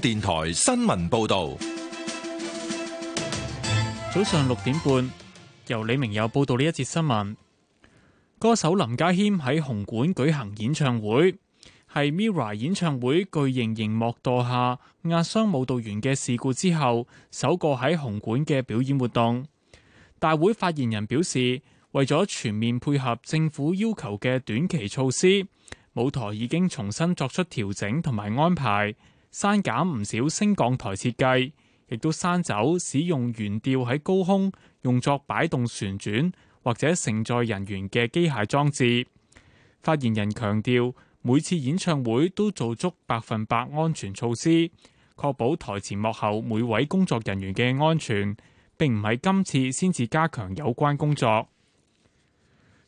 電台新聞報道：早上六點半，由李明友報道呢一節新聞。歌手林家謙喺紅館舉行演唱會，係 Mira 演唱會巨型熒幕墮下壓傷舞蹈員嘅事故之後，首個喺紅館嘅表演活動。大會發言人表示，為咗全面配合政府要求嘅短期措施，舞台已經重新作出調整同埋安排。刪減唔少升降台設計，亦都刪走使用懸吊喺高空用作擺動旋轉或者承載人員嘅機械裝置。發言人強調，每次演唱會都做足百分百安全措施，確保台前幕後每位工作人員嘅安全，並唔係今次先至加強有關工作。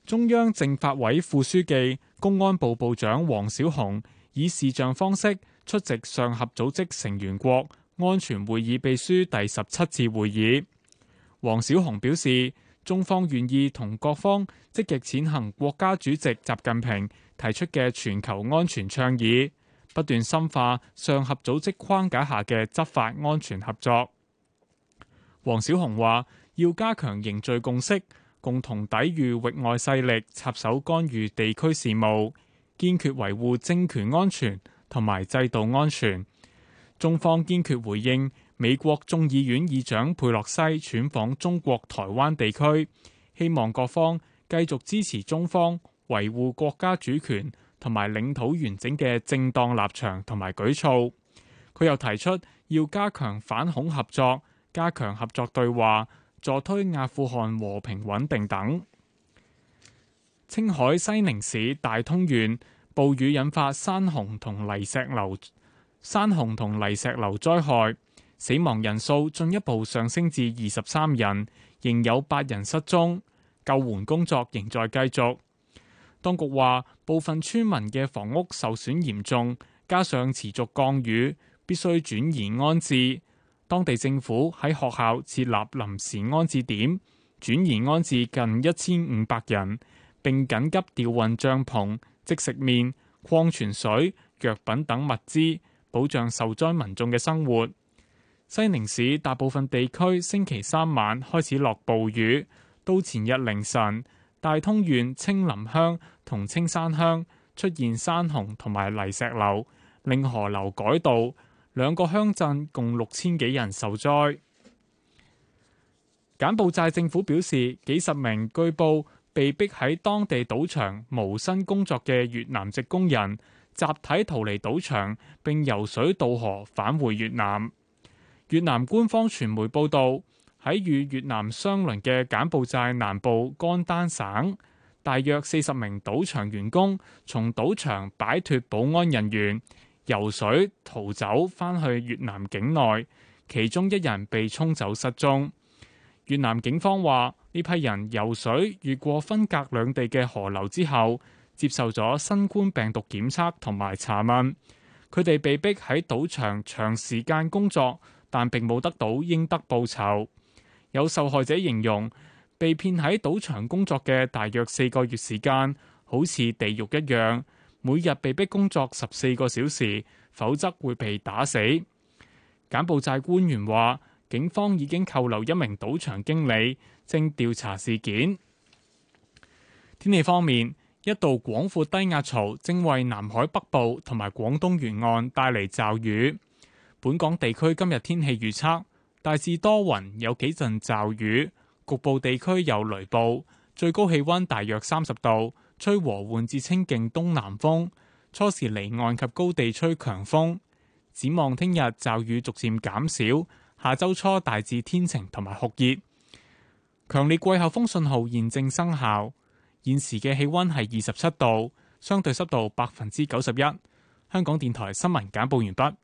中央政法委副書記、公安部部長王小洪以視像方式。出席上合組織成員國安全會議秘書第十七次會議，黃小紅表示，中方願意同各方積極踐行國家主席習近平提出嘅全球安全倡議，不斷深化上合組織框架下嘅執法安全合作。黃小紅話，要加強凝聚共識，共同抵禦域外勢力插手干預地區事務，堅決維護政權安全。同埋制度安全，中方堅決回應美國眾議院議長佩洛西竄訪中國台灣地區，希望各方繼續支持中方維護國家主權同埋領土完整嘅正當立場同埋舉措。佢又提出要加強反恐合作，加強合作對話，助推阿富汗和平穩定等。青海西寧市大通縣，暴雨引發山洪同泥石流，山洪同泥石流災害，死亡人數進一步上升至二十三人，仍有八人失蹤，救援工作仍在繼續。當局話，部分村民嘅房屋受損嚴重，加上持續降雨，必須轉移安置。當地政府喺學校設立臨時安置點，轉移安置近一千五百人，並緊急調運帳篷、即食麵、礦泉水、藥品等物資，保障受災民眾嘅生活。西寧市大部分地區星期三晚開始落暴雨，到前日凌晨，大通縣青林鄉同青山鄉出現山洪同埋泥石流，令河流改道，兩個鄉鎮共六千幾人受災。柬埔寨政府表示，幾十名居報。被逼喺當地賭場無薪工作嘅越南籍工人，集體逃離賭場並游水渡河返回越南。越南官方傳媒報導，喺與越南相鄰嘅柬埔寨南部干丹省，大約四十名賭場員工從賭場擺脫保安人員，游水逃走返去越南境內，其中一人被沖走失蹤。越南警方話。呢批人游水越過分隔兩地嘅河流之後，接受咗新冠病毒檢測同埋查問。佢哋被逼喺賭場長時間工作，但並冇得到應得報酬。有受害者形容被騙喺賭場工作嘅大約四個月時間，好似地獄一樣，每日被逼工作十四個小時，否則會被打死。柬埔寨官員話。警方已經扣留一名賭場經理，正調查事件。天氣方面，一道廣闊低壓槽正為南海北部同埋廣東沿岸帶嚟驟雨。本港地區今日天氣預測，大致多雲，有幾陣驟雨，局部地區有雷暴。最高氣温大約三十度，吹和緩至清勁東南風，初時離岸及高地吹強風。展望聽日驟雨逐漸減少。下周初大致天晴同埋酷熱，強烈季候風信號現正生效。現時嘅氣温係二十七度，相對濕度百分之九十一。香港電台新聞簡報完畢。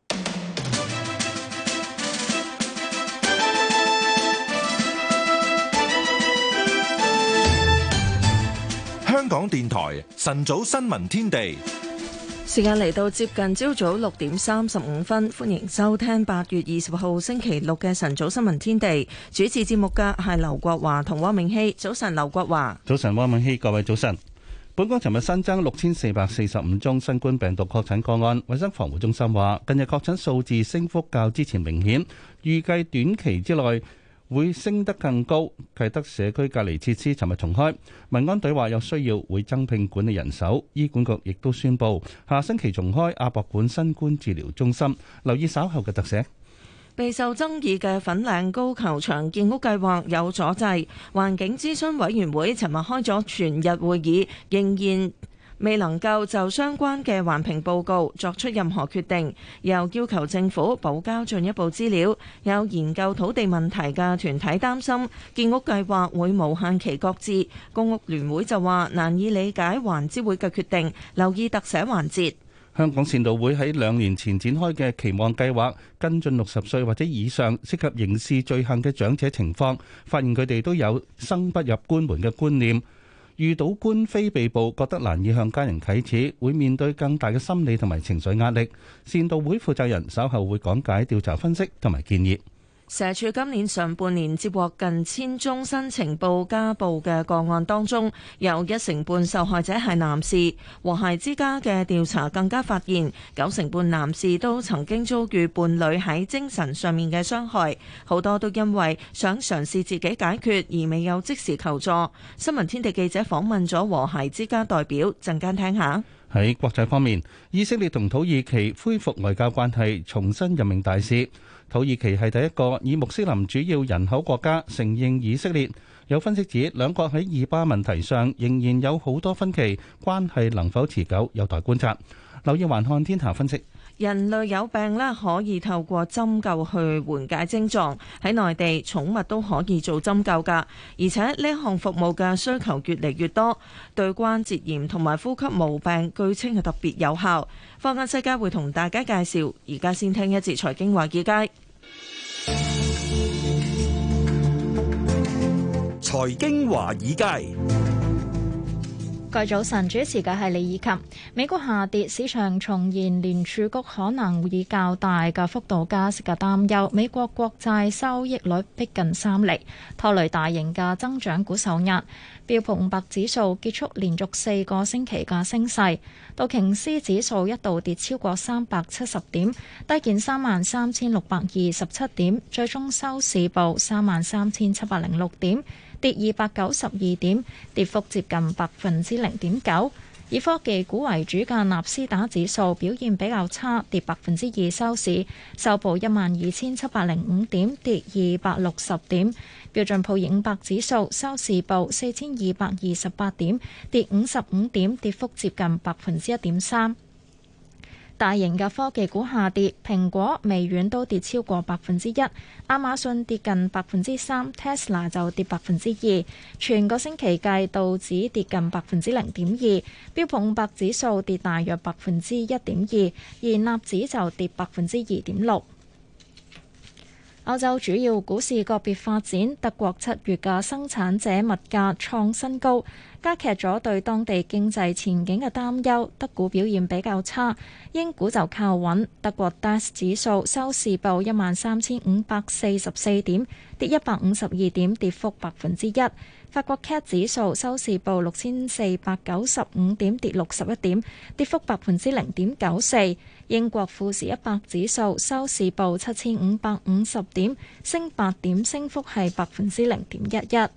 香港電台晨早新聞天地。時間嚟到接近朝早六點三十五分，歡迎收聽八月二十號星期六嘅晨早新聞天地。主持節目嘅係劉國華同汪明熙。早晨，劉國華。早晨，汪明熙。各位早晨。本港尋日新增六千四百四十五宗新冠病毒確診個案。衛生防護中心話，近日確診數字升幅較之前明顯，預計短期之內。會升得更高。啟德社區隔離設施，尋日重開。民安隊話有需要會增聘管理人手。醫管局亦都宣布下星期重開亞博館新冠治療中心。留意稍後嘅特寫。備受爭議嘅粉嶺高球場建屋計劃有阻滯，環境諮詢委員會尋日開咗全日會議，仍然，未能夠就相關嘅環評報告作出任何決定，又要求政府補交進一步資料。有研究土地問題嘅團體擔心建屋計劃會無限期擱置。公屋聯會就話難以理解環諮會嘅決定。留意特寫環節。香港善導會喺兩年前展開嘅期望計劃，跟進六十歲或者以上涉及刑事罪行嘅長者情況，發現佢哋都有生不入官門嘅觀念。遇到官非被捕，覺得難以向家人啟齒，會面對更大嘅心理同埋情緒壓力。善道會負責人稍後會講解調查分析同埋建議。社署今年上半年接獲近千宗申請報家暴嘅個案當中，有一成半受害者係男士。和諧之家嘅調查更加發現，九成半男士都曾經遭遇伴侶喺精神上面嘅傷害，好多都因為想嘗試自己解決而未有即時求助。新聞天地記者訪問咗和諧之家代表，陣間聽下。喺國際方面，以色列同土耳其恢復外交關係，重新任命大使。土耳其係第一個以穆斯林主要人口國家承認以色列。有分析指，兩國喺以巴問題上仍然有好多分歧，關係能否持久有待觀察。留意環看天下分析。人類有病咧，可以透過針灸去緩解症狀。喺內地，寵物都可以做針灸噶，而且呢一項服務嘅需求越嚟越多，對關節炎同埋呼吸毛病，據稱係特別有效。放眼世界會同大家介紹，而家先聽一節財經華爾街。財經華爾街。早晨主持嘅係李以琴。美國下跌，市場重現聯儲局可能會以較大嘅幅度加息嘅擔憂。美國國債收益率逼近三厘，拖累大型嘅增長股受壓。標普五百指數結束連續四個星期嘅升勢，道瓊斯指數一度跌超過三百七十點，低見三萬三千六百二十七點，最終收市報三萬三千七百零六點。跌二百九十二點，跌幅接近百分之零點九。以科技股為主嘅納斯達指數表現比較差，跌百分之二收市，收報一萬二千七百零五點，跌二百六十點。標準普爾五百指數收市報四千二百二十八點，跌五十五點，跌幅接近百分之一點三。大型嘅科技股下跌，蘋果、微軟都跌超過百分之一，亞馬遜跌近百分之三，Tesla 就跌百分之二。全個星期計，道指跌近百分之零點二，標普五百指數跌大約百分之一點二，而納指就跌百分之二點六。歐洲主要股市個別發展，德國七月嘅生產者物價創新高，加劇咗對當地經濟前景嘅擔憂。德股表現比較差，英股就靠穩。德國 DAX 指數收市報一萬三千五百四十四點，跌一百五十二點，跌幅百分之一。法國 CAC 指數收市報六千四百九十五點，跌六十一點，跌幅百分之零點九四。英國富時一百指數收市報七千五百五十點，升八點，升幅係百分之零點一一。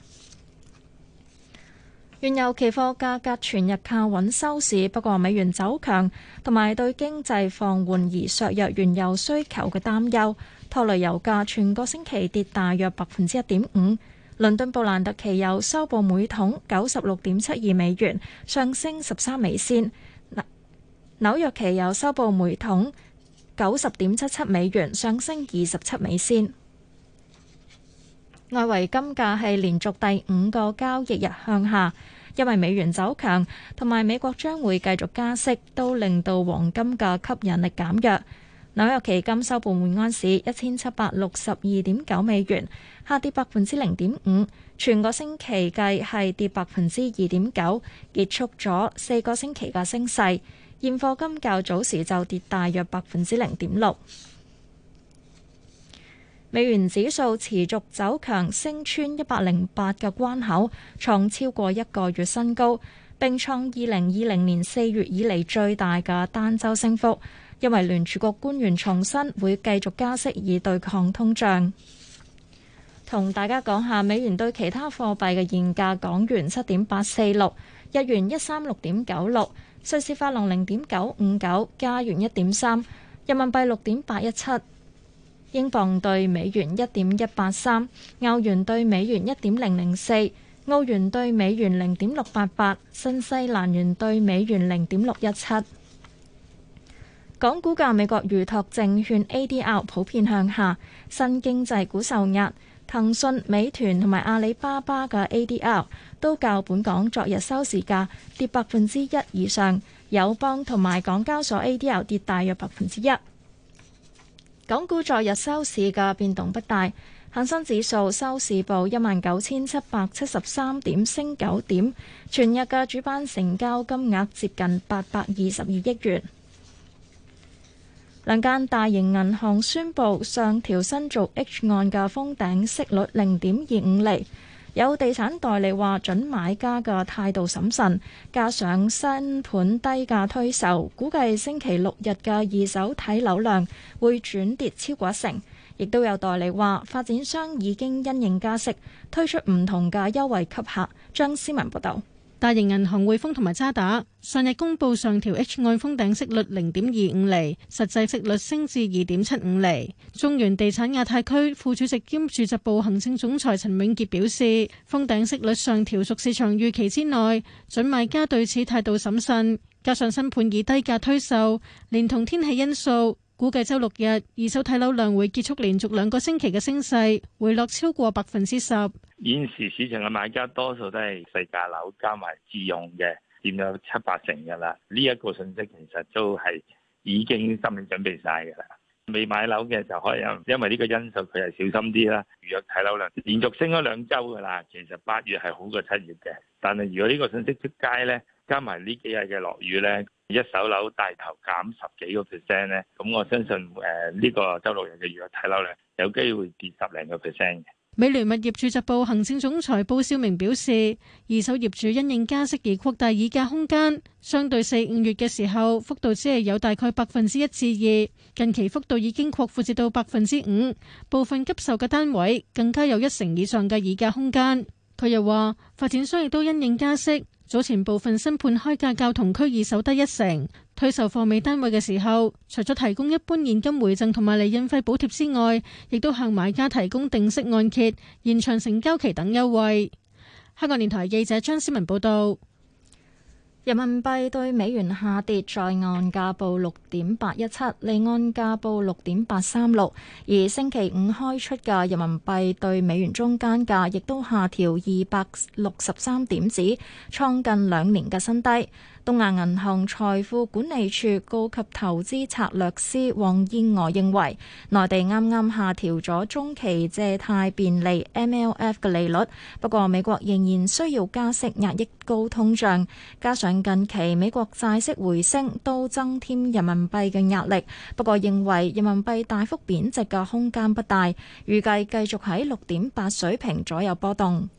原油期貨價格全日靠穩收市，不過美元走強同埋對經濟放緩而削弱原油需求嘅擔憂，拖累油價，全個星期跌大約百分之一點五。倫敦布蘭特期油收報每桶九十六點七二美元，上升十三美仙；紐紐約期油收報每桶九十點七七美元，上升二十七美仙。外圍金價係連續第五個交易日向下，因為美元走強同埋美國將會繼續加息，都令到黃金嘅吸引力減弱。紐約期金收報每安士一千七百六十二點九美元。下跌百分之零點五，全個星期計係跌百分之二點九，結束咗四個星期嘅升勢。現貨金較早時就跌大約百分之零點六。美元指數持續走強，升穿一百零八嘅關口，創超過一個月新高，並創二零二零年四月以嚟最大嘅單周升幅。因為聯儲局官員重申會繼續加息以對抗通脹。同大家講下美元對其他貨幣嘅現價：港元七點八四六，日元一三六點九六，瑞士法郎零點九五九，加元一點三，人民幣六點八一七，英鎊對美元一點一八三，歐元對美元一點零零四，澳元對美元零點六八八，新西蘭元對美元零點六一七。港股嘅美國預託證券 ADR 普遍向下，新經濟股受壓。騰訊、美團同埋阿里巴巴嘅 ADR 都較本港昨日收市價跌百分之一以上，友邦同埋港交所 ADR 跌大約百分之一。港股昨日收市嘅變動不大，恒生指數收市報一萬九千七百七十三點，升九點，全日嘅主板成交金額接近八百二十二億元。兩間大型銀行宣布上調新造 H 按嘅封頂息率零點二五厘。有地產代理話，準買家嘅態度審慎，加上新盤低價推售，估計星期六日嘅二手睇樓量會轉跌超過一成。亦都有代理話，發展商已經因應加息推出唔同嘅優惠吸客。張思文報道。大型銀行匯豐同埋渣打，上日公布上調 H 按封頂息率零點二五厘，實際息率升至二點七五厘。中原地產亞太區副主席兼住宅部行政總裁陳永傑表示，封頂息率上調屬市場預期之內，準買家對此態度審慎，加上新盤以低價推售，連同天氣因素。估計周六日二手睇樓量會結束連續兩個星期嘅升勢，回落超過百分之十。現時市場嘅買家多數都係細價樓加埋自用嘅，佔咗七八成噶啦。呢、這、一個信息，其實都係已經心理準備晒噶啦。未買樓嘅就可以因為呢個因素佢係小心啲啦，預約睇樓量連續升咗兩周噶啦，其實八月係好過七月嘅，但係如果呢個信息出街咧，加埋呢幾日嘅落雨咧。一手樓帶頭減十幾個 percent 咧，咁我相信誒呢個周六日嘅預約睇樓咧，有機會跌十零個 percent 嘅。美聯物業住宅部行政總裁布少明表示，二手業主因應加息而擴大議價空間，相對四五月嘅時候幅度只係有大概百分之一至二，近期幅度已經擴闊至到百分之五，部分急售嘅單位更加有一成以上嘅議價空間。佢又話，發展商亦都因應加息。早前部分新盤開價較同區二手低一成，推售貨尾單位嘅時候，除咗提供一般現金回贈同埋利潤費補貼之外，亦都向買家提供定息按揭、延長成交期等優惠。香港電台記者張思文報道。人民幣對美元下跌，在岸價報六點八一七，離岸價報六點八三六。而星期五開出嘅人民幣對美元中間價，亦都下調二百六十三點子，創近兩年嘅新低。東亞銀行財富管理處高級投資策略師黃燕娥認為，內地啱啱下調咗中期借貸便利 （MLF） 嘅利率，不過美國仍然需要加息壓抑高通脹，加上近期美國債息回升都增添人民幣嘅壓力。不過認為人民幣大幅貶值嘅空間不大，預計繼續喺六點八水平左右波動。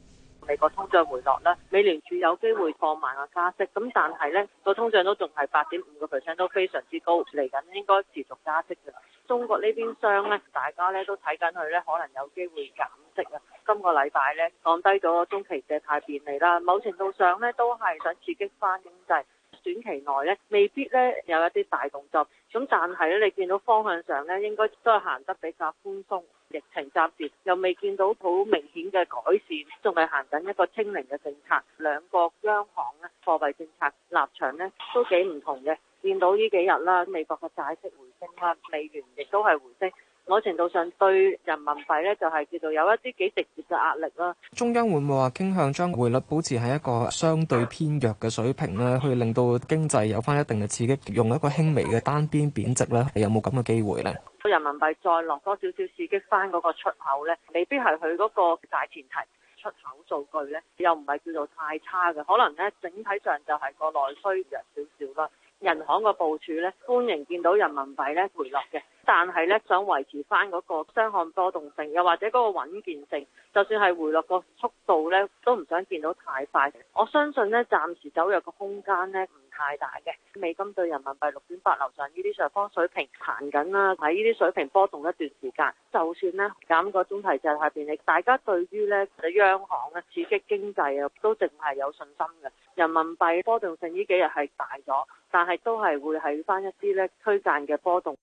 個通脹回落咧，美聯儲有機會放慢個加息，咁但係咧個通脹都仲係八點五個 percent 都非常之高，嚟緊應該持續加息噶。中國呢邊商咧，大家咧都睇緊佢咧，可能有機會減息啊。今個禮拜咧降低咗中期借貸便利啦，某程度上咧都係想刺激翻經濟。短期內咧未必咧有一啲大動作，咁但係咧你見到方向上咧應該都係行得比較寬鬆。疫情暫時又未見到好明顯嘅改善，仲係行緊一個清零嘅政策。兩國央行咧貨幣政策立場咧都幾唔同嘅，見到呢幾日啦，美國嘅債息回升啦，美元亦都係回升。某程度上對人民幣咧，就係、是、叫做有一啲幾直接嘅壓力啦。中央會唔會話傾向將匯率保持喺一個相對偏弱嘅水平咧，去令到經濟有翻一定嘅刺激，用一個輕微嘅單邊貶值咧？你有冇咁嘅機會咧？人民幣再落多少少刺激翻嗰個出口咧，未必係佢嗰個大前提出口數據咧，又唔係叫做太差嘅，可能咧整體上就係內需弱少少啦。人行個部署咧，歡迎見到人民幣咧回落嘅，但係咧想維持返嗰個雙向波動性，又或者嗰個穩健性，就算係回落個速度咧，都唔想見到太快。我相信咧，暫時走弱個空間咧太大嘅美金兌人民幣六點八樓上呢啲上方水平彈緊啦，喺呢啲水平波動一段時間，就算咧減個中提就下邊，你大家對於咧央行咧刺激經濟啊都淨係有信心嘅。人民幣波動性呢幾日係大咗，但係都係會喺翻一啲咧推近嘅波動。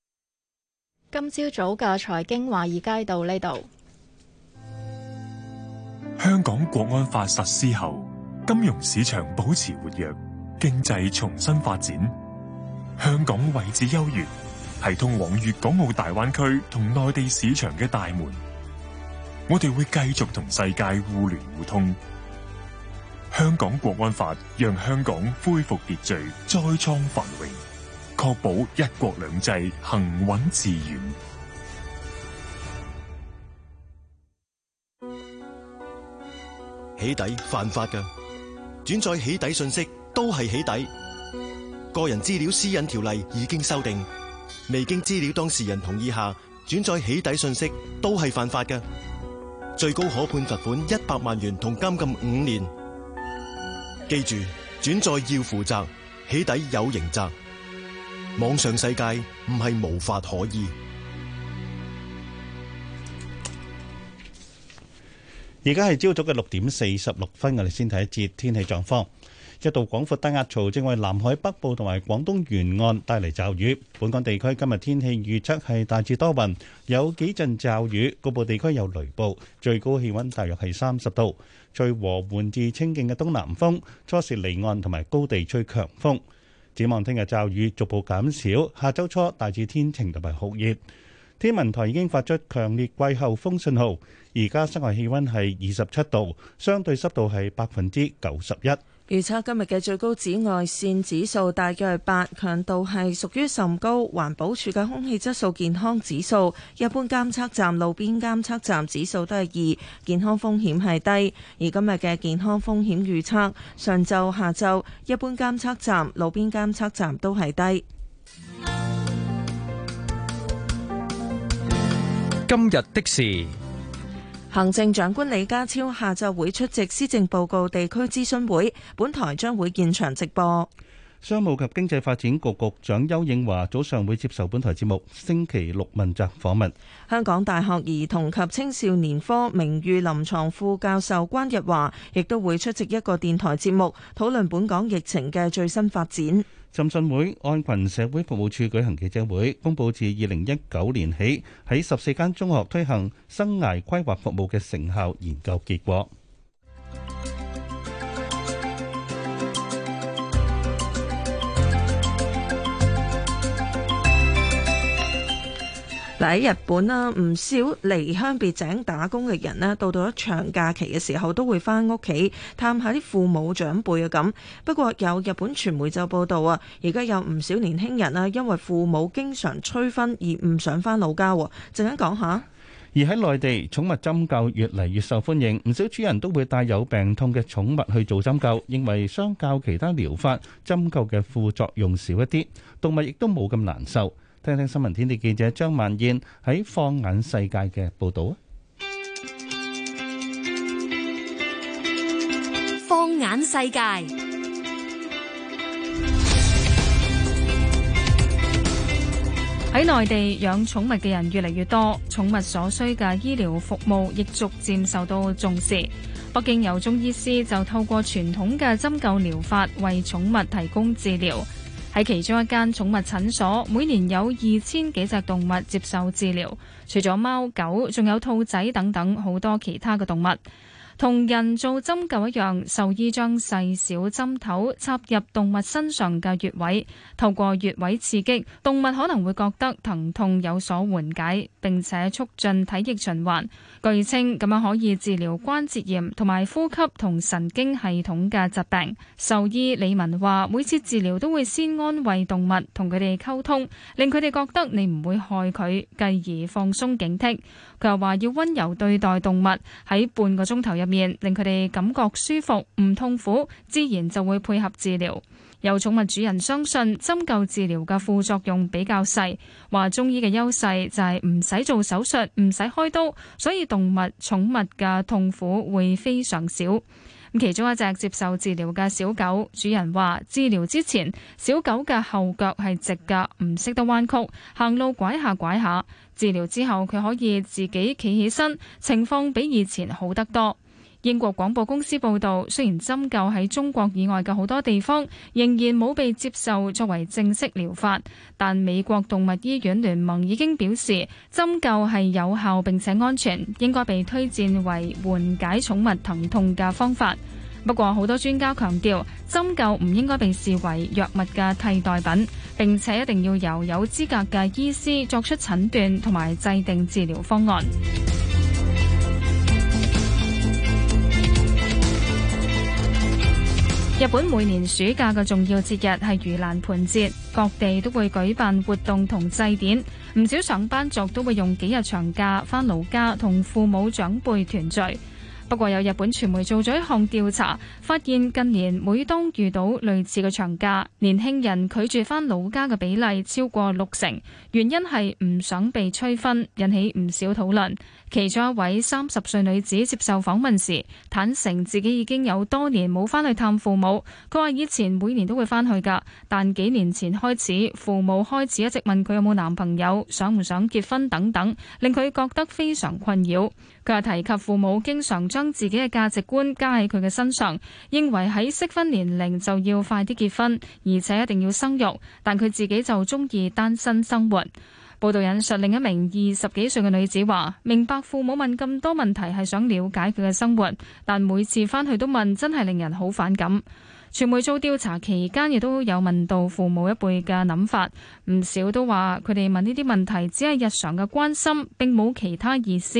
今朝早嘅財經華爾街到呢度。香港國安法實施後，金融市場保持活躍。經濟重新發展，香港位置優越，係通往粵港澳大灣區同內地市場嘅大門。我哋會繼續同世界互聯互通。香港國安法讓香港恢復秩序，再創繁榮，確保一國兩制行穩致遠。起底犯法嘅，轉載起底信息，都係起底，個人資料私隱條例已經修訂，未經資料當事人同意下轉載起底信息都係犯法嘅，最高可判罰款一百萬元同監禁五年。記住，轉載要負責，起底有刑責。網上世界唔係無法可依。而家係朝早嘅六點四十六分，我哋先睇一節天氣狀況。一道廣闊低壓槽正為南海北部同埋廣東沿岸帶嚟驟雨。本港地區今日天氣預測係大致多雲，有幾陣驟雨。預測今日嘅最高紫外線指數大約係八，強度係屬於甚高。環保署嘅空氣質素健康指數，一般監測站、路邊監測站指數都係二，健康風險係低。而今日嘅健康風險預測，上晝、下晝一般監測站、路邊監測站都係低。今日的事。行政長官李家超下晝會出席施政報告地區諮詢會，本台將會現場直播。商務及經濟發展局局長邱應華早上會接受本台節目，星期六問責訪問。香港大學兒童及青少年科名譽臨床副，副教授關日華亦都會出席一個電台節目，討論本港疫情嘅最新發展。浸信會愛群社會服務處舉行記者會，公佈自二零一九年起，喺十四間中學推行生涯規劃服務嘅成效研究結果。喺日本啦，唔少離鄉別井打工嘅人咧，到到咗長假期嘅時候，都會翻屋企探下啲父母長輩啊咁。不過有日本傳媒就報道啊，而家有唔少年輕人啊，因為父母經常催婚而唔想翻老家。陣間講下。而喺內地，寵物針灸越嚟越受歡迎，唔少主人都會帶有病痛嘅寵物去做針灸，認為相較其他療法，針灸嘅副作用少一啲，動物亦都冇咁難受。聽聽新聞天地記者張萬燕喺放眼世界嘅報道啊！放眼世界，喺內地養寵物嘅人越嚟越多，寵物所需嘅醫療服務亦逐漸受到重視。北京有中醫師就透過傳統嘅針灸療法為寵物提供治療。喺其中一間寵物診所，每年有二千幾隻動物接受治療，除咗貓狗，仲有兔仔等等好多其他嘅動物。同人做針灸一樣，獸醫將細小針頭插入動物身上嘅穴位，透過穴位刺激，動物可能會覺得疼痛有所緩解，並且促進體液循環。據稱，咁樣可以治療關節炎同埋呼吸同神經系統嘅疾病。獸醫李文話：每次治療都會先安慰動物，同佢哋溝通，令佢哋覺得你唔會害佢，繼而放鬆警惕。佢又話要溫柔對待動物，喺半個鐘頭內面令佢哋感覺舒服，唔痛苦，自然就會配合治療。有寵物主人相信針灸治療嘅副作用比較細，話中醫嘅優勢就係唔使做手術，唔使開刀，所以動物寵物嘅痛苦會非常少。其中一隻接受治療嘅小狗，主人話治療之前，小狗嘅後腳係直㗎，唔識得彎曲，行路拐下拐下。治療之後，佢可以自己企起身，情況比以前好得多。英國廣播公司報道，雖然針灸喺中國以外嘅好多地方仍然冇被接受作為正式療法，但美國動物醫院聯盟已經表示針灸係有效並且安全，應該被推薦為緩解寵物疼痛嘅方法。不過，好多專家強調針灸唔應該被視為藥物嘅替代品，並且一定要由有資格嘅醫師作出診斷同埋制定治療方案。日本每年暑假嘅重要節日係盂蘭盆節，各地都會舉辦活動同祭典，唔少上班族都會用幾日長假返老家同父母長輩團聚。不過有日本傳媒做咗一項調查，發現近年每當遇到類似嘅長假，年輕人拒絕返老家嘅比例超過六成，原因係唔想被催婚，引起唔少討論。其中一位三十歲女子接受訪問時，坦承自己已經有多年冇返去探父母。佢話以前每年都會返去㗎，但幾年前開始，父母開始一直問佢有冇男朋友、想唔想結婚等等，令佢覺得非常困擾。佢話提及父母經常將自己嘅價值觀加喺佢嘅身上，認為喺適婚年齡就要快啲結婚，而且一定要生育。但佢自己就中意單身生活。報道引述另一名二十幾歲嘅女子話：明白父母問咁多問題係想了解佢嘅生活，但每次翻去都問，真係令人好反感。傳媒做調查期間亦都有問到父母一輩嘅諗法，唔少都話佢哋問呢啲問題只係日常嘅關心，並冇其他意思。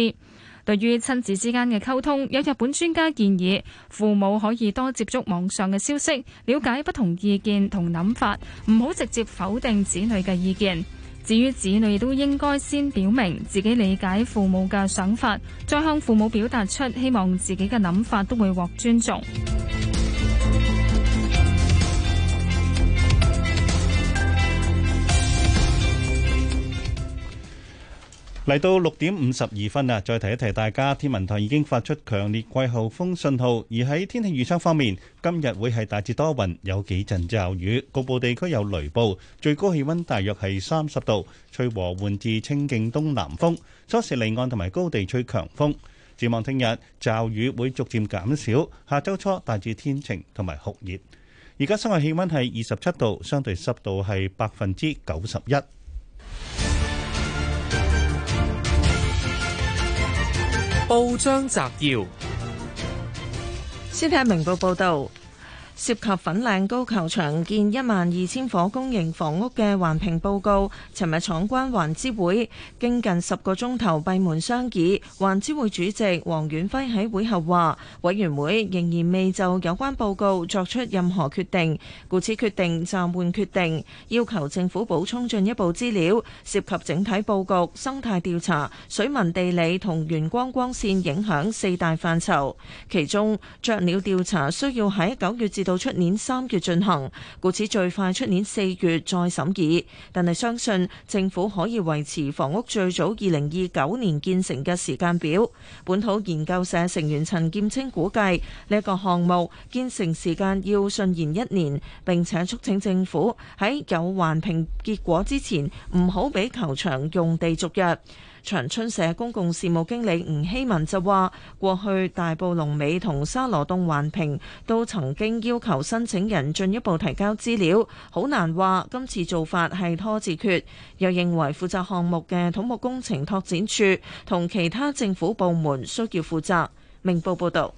對於親子之間嘅溝通，有日本專家建議，父母可以多接觸網上嘅消息，了解不同意見同諗法，唔好直接否定子女嘅意見。至於子女都應該先表明自己理解父母嘅想法，再向父母表達出希望自己嘅諗法都會獲尊重。嚟到六點五十二分呀，再提一提大家，天文台已經發出強烈季候風信號。而喺天氣預測方面，今日會係大致多雲，有幾陣驟雨，局部地區有雷暴，最高氣温大約係三十度，吹和緩至清勁東南風，初時離岸同埋高地吹強風。展望聽日，驟雨會逐漸減少，下週初大致天晴同埋酷熱。而家室外氣温係二十七度，相對濕度係百分之九十一。報章摘要，先睇下明報報道。涉及粉嶺高球場建一萬二千伙公營房屋嘅環評報告，尋日闖關環諮會，經近十個鐘頭閉門商議。環諮會主席黃遠輝喺會後話：委員會仍然未就有關報告作出任何決定，故此決定暫緩決定，要求政府補充進一步資料，涉及整體佈局、生態調查、水文地理同陽光光線影響四大範疇。其中雀鳥調查需要喺九月至到出年三月進行，故此最快出年四月再審議。但係相信政府可以維持房屋最早二零二九年建成嘅時間表。本土研究社成員陳劍青估計呢一、這個項目建成時間要順延一年，並且促請政府喺有環評結果之前唔好俾球場用地續約。長春社公共事務經理吳希文就話，過去大埔龍尾同沙羅洞環評都曾經要求申請人進一步提交資料，好難話今次做法係拖字訣。又認為負責項目嘅土木工程拓展處同其他政府部門需要負責。明報報道。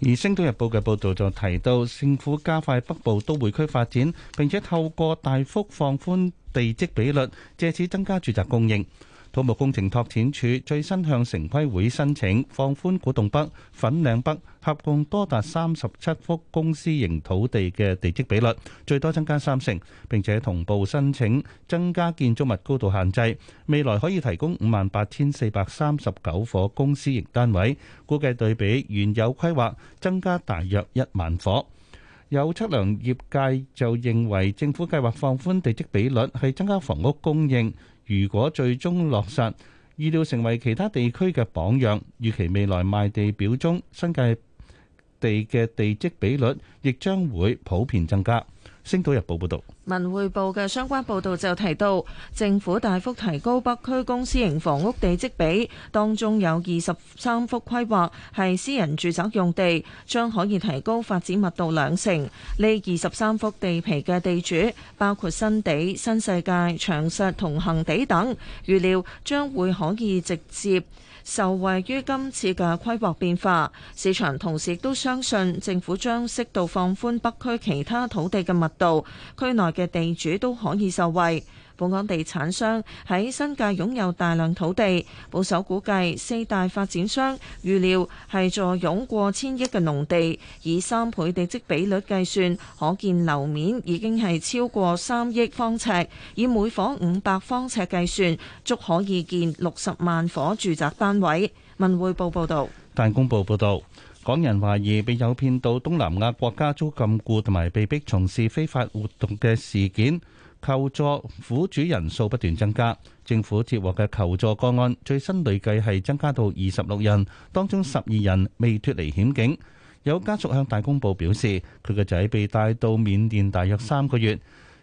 而《星島日報》嘅報道就提到，政府加快北部都會區發展，並且透過大幅放寬地積比率，借此增加住宅供應。土木工程拓展署最新向城規會申請放寬古洞北、粉嶺北，合共多達三十七幅公司型土地嘅地積比率，最多增加三成，並且同步申請增加建築物高度限制。未來可以提供五萬八千四百三十九伙公司型單位，估計對比原有規劃增加大約一萬伙。有測量業界就認為，政府計劃放寬地積比率係增加房屋供應。如果最終落實，預料成為其他地區嘅榜樣，預期未來賣地表中，新界地嘅地積比率亦將會普遍增加。星島日報報導。文匯報嘅相關報導就提到，政府大幅提高北區公私營房屋地積比，當中有二十三幅規劃係私人住宅用地，將可以提高發展密度兩成。呢二十三幅地皮嘅地主包括新地、新世界、長實、同恒地等，預料將會可以直接受惠於今次嘅規劃變化。市場同時亦都相信政府將適度放寬北區其他土地嘅密度，區內嘅地主都可以受惠。本港地產商喺新界擁有大量土地，保守估計四大發展商預料係坐擁過千億嘅農地，以三倍地積比率計算，可見樓面已經係超過三億方尺，以每房五百方尺計算，足可以建六十萬伙住宅單位。文匯報報道，大公報報道。港人懷疑被誘騙到東南亞國家遭禁錮，同埋被逼從事非法活動嘅事件，求助苦主人數不斷增加。政府接獲嘅求助個案最新累計係增加到二十六人，當中十二人未脫離險境。有家屬向大公報表示，佢個仔被帶到緬甸大約三個月，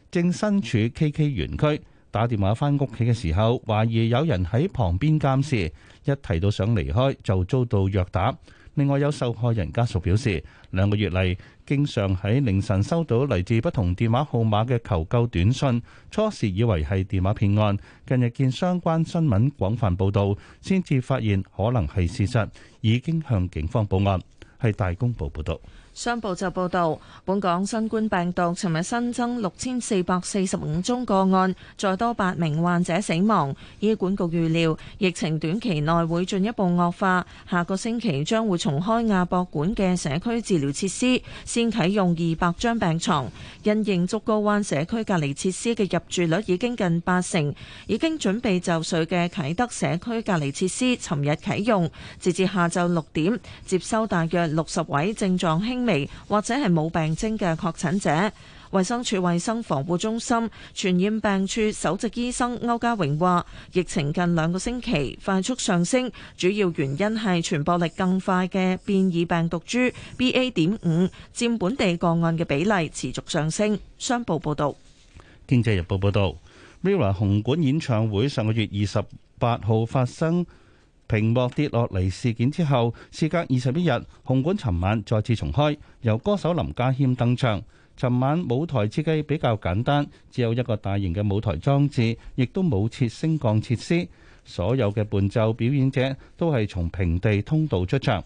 正身處 KK 園區。打電話翻屋企嘅時候，懷疑有人喺旁邊監視，一提到想離開就遭到虐打。另外有受害人家屬表示，兩個月嚟經常喺凌晨收到嚟自不同電話號碼嘅求救短信，初時以為係電話騙案，近日見相關新聞廣泛報道，先至發現可能係事實，已經向警方報案。係大公報報道。商報就報道，本港新冠病毒尋日新增六千四百四十五宗個案，再多八名患者死亡。醫管局預料疫情短期內會進一步惡化，下個星期將會重開亞博館嘅社區治療設施，先啟用二百張病床。因應竹篙灣社區隔離設施嘅入住率已經近八成，已經準備就緒嘅啟德社區隔離設施，尋日啟用，直至下晝六點接收大約六十位症狀輕未或者係冇病徵嘅確診者，衛生署衛生防護中心傳染病處首席醫生歐家榮話，疫情近兩個星期快速上升，主要原因係傳播力更快嘅變異病毒株 BA.5 佔本地個案嘅比例持續上升。商報報道，《經濟日報》報道，MIRROR 紅館演唱會上個月二十八號發生，屏幕跌落嚟事件之後，事隔二十一日，紅館尋晚再次重開，由歌手林家謙登場，尋晚舞台設計比較簡單，只有一個大型嘅舞台裝置，亦都冇設升降設施。所有嘅伴奏表演者都係從平地通道出場，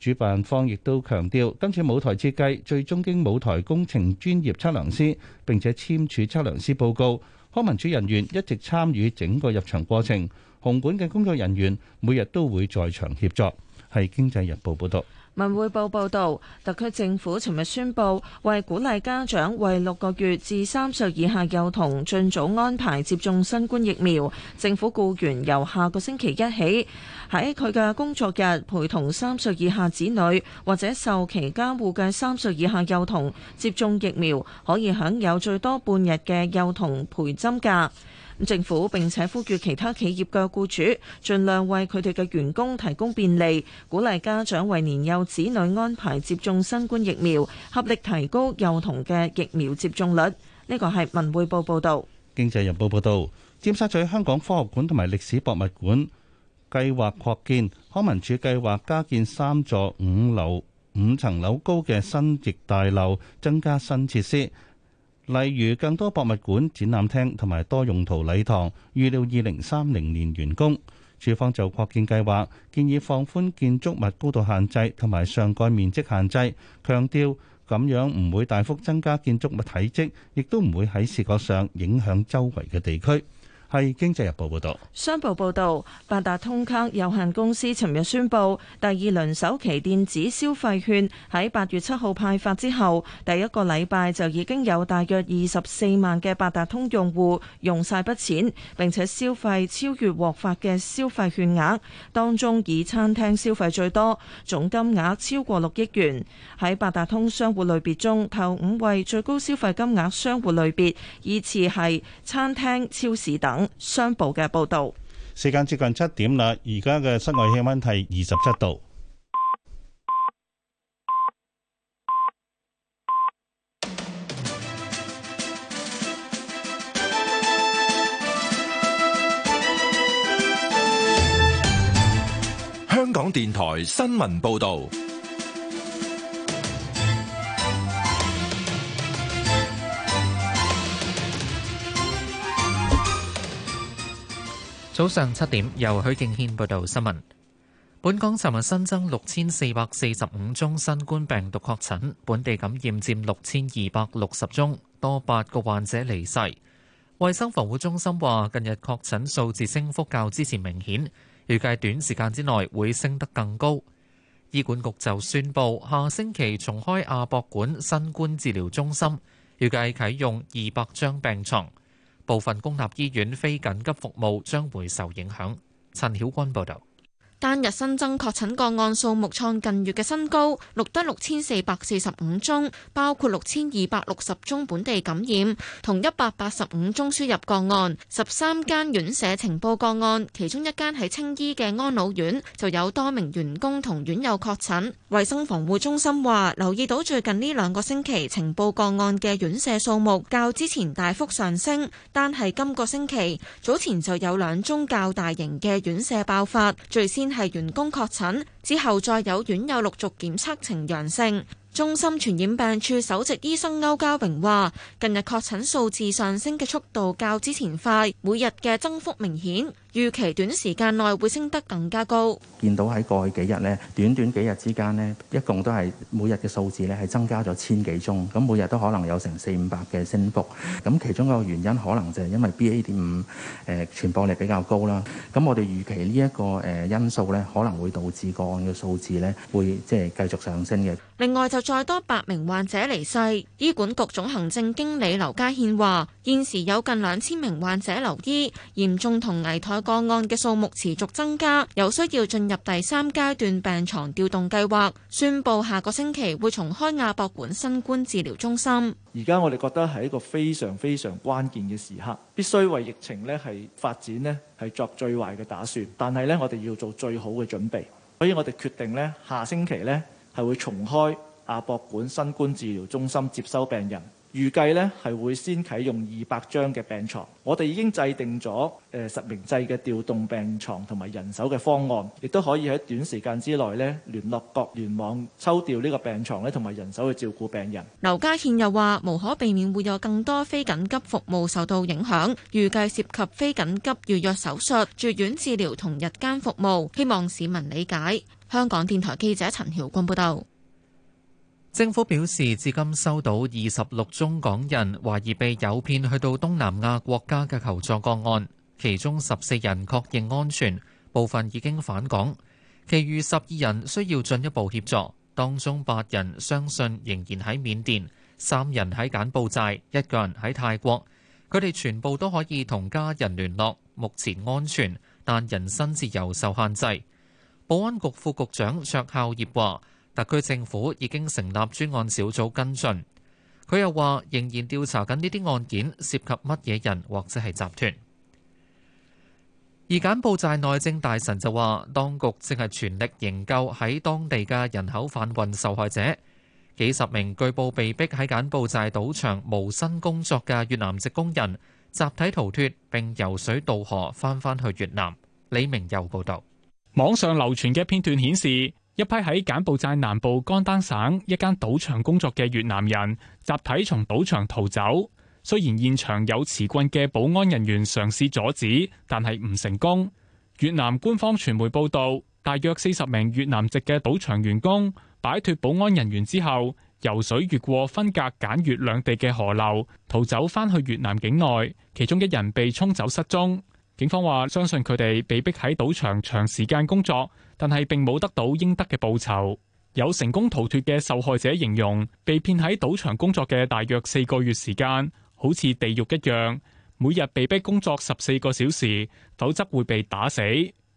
主辦方亦都強調今次舞台設計最終經舞台工程專業測量師，並且簽署測量師報告，康文署人員一直參與整個入場過程。紅館嘅工作人員每日都會在場協助，係《經濟日報》報道。文匯報報道，特區政府尋日宣布，為鼓勵家長為六個月至三歲以下幼童盡早安排接種新冠疫苗，政府雇員由下個星期一起喺佢嘅工作日陪同三歲以下子女或者受其監護嘅三歲以下幼童接種疫苗，可以享有最多半日嘅幼童陪針假。政府並且呼籲其他企業嘅僱主盡量為佢哋嘅員工提供便利，鼓勵家長為年幼子女安排接種新冠疫苗，合力提高幼童嘅疫苗接種率。呢個係文匯報報導，經濟日報報導，尖沙咀香港科學館同埋歷史博物館計劃擴建，康文署計劃加建三座五樓五層樓高嘅新翼大樓，增加新設施。例如更多博物館展覽廳同埋多用途禮堂，預料二零三零年完工。署方就擴建計劃建議放寬建築物高度限制同埋上蓋面積限制，強調咁樣唔會大幅增加建築物體積，亦都唔會喺視覺上影響周圍嘅地區。係《經濟日報》報道，商報報道，八達通卡有限公司尋日宣布，第二輪首期電子消費券喺八月七號派發之後，第一個禮拜就已經有大約二十四萬嘅八達通用戶用晒筆錢，並且消費超越獲發嘅消費券額，當中以餐廳消費最多，總金額超過六億元。喺八達通商戶類別中，頭五位最高消費金額商戶類別依次係餐廳超市等。商報嘅報道。時間接近七點啦，而家嘅室外氣溫係二十七度。香港電台新聞報道。早上七點，由許敬軒報道新聞。本港尋日新增六千四百四十五宗新冠病毒確診，本地感染佔六千二百六十宗，多八個患者離世。衛生防護中心話，近日確診數字升幅較之前明顯，預計短時間之內會升得更高。醫管局就宣佈，下星期重開亞博館新冠治療中心，預計啟用二百張病床。部分公立醫院非緊急服務將會受影響，陳曉君報道。單日新增確診個案數目創近月嘅新高，錄得六千四百四十五宗，包括六千二百六十宗本地感染，同一百八十五宗輸入個案。十三間院舍呈報個案，其中一間喺青衣嘅安老院就有多名員工同院友確診。衛生防護中心話，留意到最近呢兩個星期呈報個案嘅院舍數目較之前大幅上升，但係今個星期早前就有兩宗較大型嘅院舍爆發，最先。係員工確診之後，再有院友陸續檢測呈陽性。中心傳染病處首席醫生歐家榮話，近日確診數字上升嘅速度較之前快，每日嘅增幅明顯。預期短時間內會升得更加高。見到喺過去幾日咧，短短幾日之間咧，一共都係每日嘅數字咧係增加咗千幾宗，咁每日都可能有成四五百嘅升幅。咁其中一個原因可能就係因為 BA 點五誒傳播力比較高啦。咁我哋預期呢一個誒因素咧，可能會導致個案嘅數字咧會即係繼續上升嘅。另外就再多八名患者離世，醫管局總行政經理劉家獻話：現時有近兩千名患者留醫，嚴重同危殆。個案嘅數目持續增加，有需要進入第三階段病床調動計劃。宣布下個星期會重開亞博館新冠治療中心。而家我哋覺得係一個非常非常關鍵嘅時刻，必須為疫情咧係發展咧係作最壞嘅打算。但係咧我哋要做最好嘅準備，所以我哋決定咧下星期咧係會重開亞博館新冠治療中心接收病人。預計咧係會先啟用二百張嘅病床。我哋已經制定咗誒實名制嘅調動病床同埋人手嘅方案，亦都可以喺短時間之內咧聯絡各聯網抽調呢個病床咧同埋人手去照顧病人。劉家憲又話：無可避免會有更多非緊急服務受到影響，預計涉及非緊急預約手術、住院治療同日間服務，希望市民理解。香港電台記者陳曉君報導。政府表示，至今收到二十六宗港人懷疑被誘騙去到東南亞國家嘅求助個案，其中十四人確認安全，部分已經返港，其餘十二人需要進一步協助。當中八人相信仍然喺緬甸，三人喺柬埔寨，一個人喺泰國，佢哋全部都可以同家人聯絡，目前安全，但人身自由受限制。保安局副局長卓孝業話。特區政府已經成立專案小組跟進。佢又話，仍然調查緊呢啲案件涉及乜嘢人或者係集團。而柬埔寨內政大臣就話，當局正係全力營救喺當地嘅人口販運受害者。幾十名據報被逼喺柬埔寨賭場無薪工作嘅越南籍工人，集體逃脫並游水渡河翻返去越南。李明又報導，網上流傳嘅片段顯示。一批喺柬埔寨南部干丹省一間賭場工作嘅越南人，集體從賭場逃走。雖然現場有持棍嘅保安人員嘗試阻止，但係唔成功。越南官方傳媒報道，大約四十名越南籍嘅賭場員工擺脫保安人員之後，游水越過分隔柬越兩地嘅河流，逃走翻去越南境內，其中一人被沖走失蹤。警方話：相信佢哋被迫喺賭場長時間工作，但係並冇得到應得嘅報酬。有成功逃脱嘅受害者形容，被騙喺賭場工作嘅大約四個月時間，好似地獄一樣，每日被逼工作十四個小時，否則會被打死。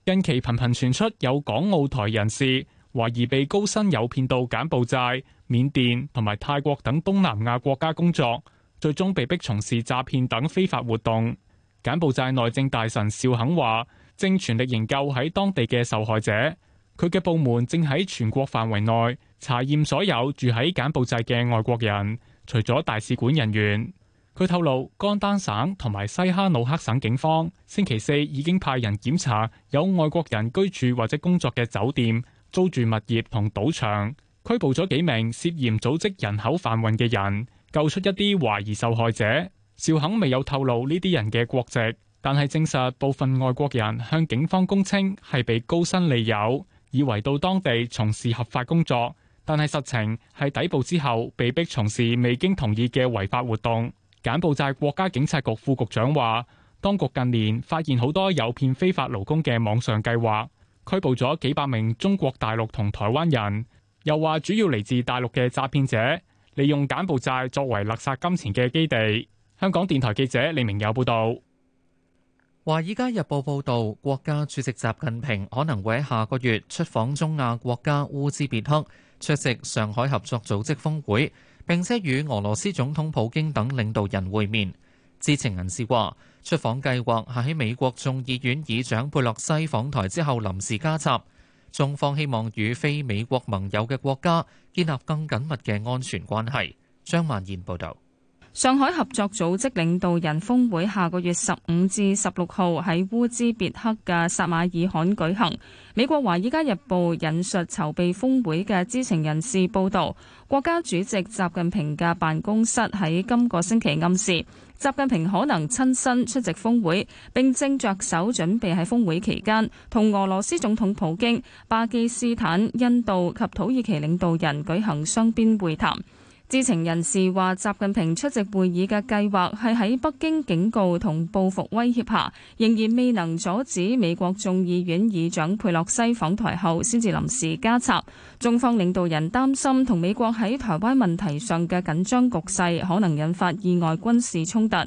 近期頻頻傳出有港澳台人士懷疑被高薪誘騙到柬埔寨、緬甸同埋泰國等東南亞國家工作，最終被逼從事詐騙等非法活動。柬埔寨內政大臣邵肯話，正全力營救喺當地嘅受害者。佢嘅部門正喺全國範圍內查驗所有住喺柬埔寨嘅外國人，除咗大使館人員。佢透露，江丹省同埋西哈努克省警方星期四已經派人檢查有外國人居住或者工作嘅酒店、租住物業同賭場，拘捕咗幾名涉嫌組織人口販運嘅人，救出一啲懷疑受害者。邵肯未有透露呢啲人嘅國籍，但係證實部分外國人向警方供稱係被高薪利誘，以為到當地從事合法工作，但係實情係抵步之後被逼從事未經同意嘅違法活動。柬埔寨國家警察局副局長話，當局近年發現好多誘騙非法勞工嘅網上計劃，拘捕咗幾百名中國大陸同台灣人，又話主要嚟自大陸嘅詐騙者，利用柬埔寨作為勒殺金錢嘅基地。香港電台記者李明友報道，《華爾街日報》報道，國家主席習近平可能會喺下個月出訪中亞國家烏茲別克，出席上海合作組織峰會，並且與俄羅斯總統普京等領導人會面。知情人士話，出訪計劃係喺美國眾議院議長佩洛西訪台之後臨時加插，中方希望與非美國盟友嘅國家建立更緊密嘅安全關係。張曼燕報道。上海合作組織領導人峰會下個月十五至十六號喺烏茲別克嘅撒馬爾罕舉行。美國《華爾街日報》引述籌備峰會嘅知情人士報道，國家主席習近平嘅辦公室喺今個星期暗示，習近平可能親身出席峰會，並正着手準備喺峰會期間同俄羅斯總統普京、巴基斯坦、印度及土耳其領導人舉行雙邊會談。知情人士話，習近平出席會議嘅計劃係喺北京警告同報復威脅下，仍然未能阻止美國眾議院議長佩洛西訪台後，先至臨時加插。中方領導人擔心同美國喺台灣問題上嘅緊張局勢，可能引發意外軍事衝突。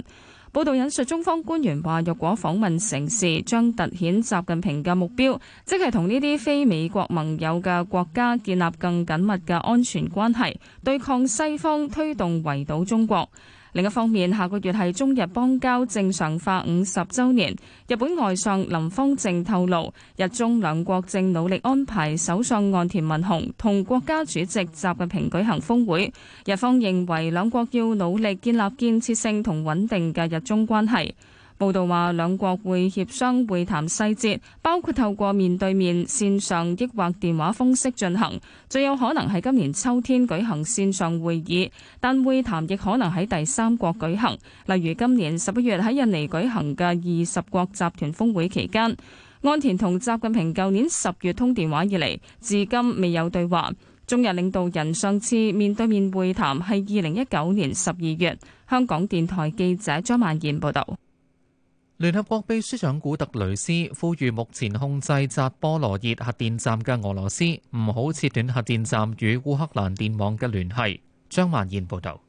報道引述中方官員話，若果訪問成事，將凸顯習近平嘅目標，即係同呢啲非美國盟友嘅國家建立更緊密嘅安全關係，對抗西方推動圍堵中國。另一方面，下個月係中日邦交正常化五十週年，日本外相林芳正透露，日中兩國正努力安排首相岸田文雄同國家主席習近平舉行峰會。日方認為兩國要努力建立建設性同穩定嘅日中關係。報道話，兩國會協商會談細節，包括透過面對面、線上抑或電話方式進行。最有可能係今年秋天舉行線上會議，但會談亦可能喺第三國舉行，例如今年十一月喺印尼舉行嘅二十國集團峰會期間。岸田同習近平舊年十月通電話以嚟，至今未有對話。中日領導人上次面對面會談係二零一九年十二月。香港電台記者張曼燕報道。聯合國秘書長古特雷斯呼籲目前控制扎波羅熱核電站嘅俄羅斯唔好切斷核電站與烏克蘭電網嘅聯繫。張曼燕報道，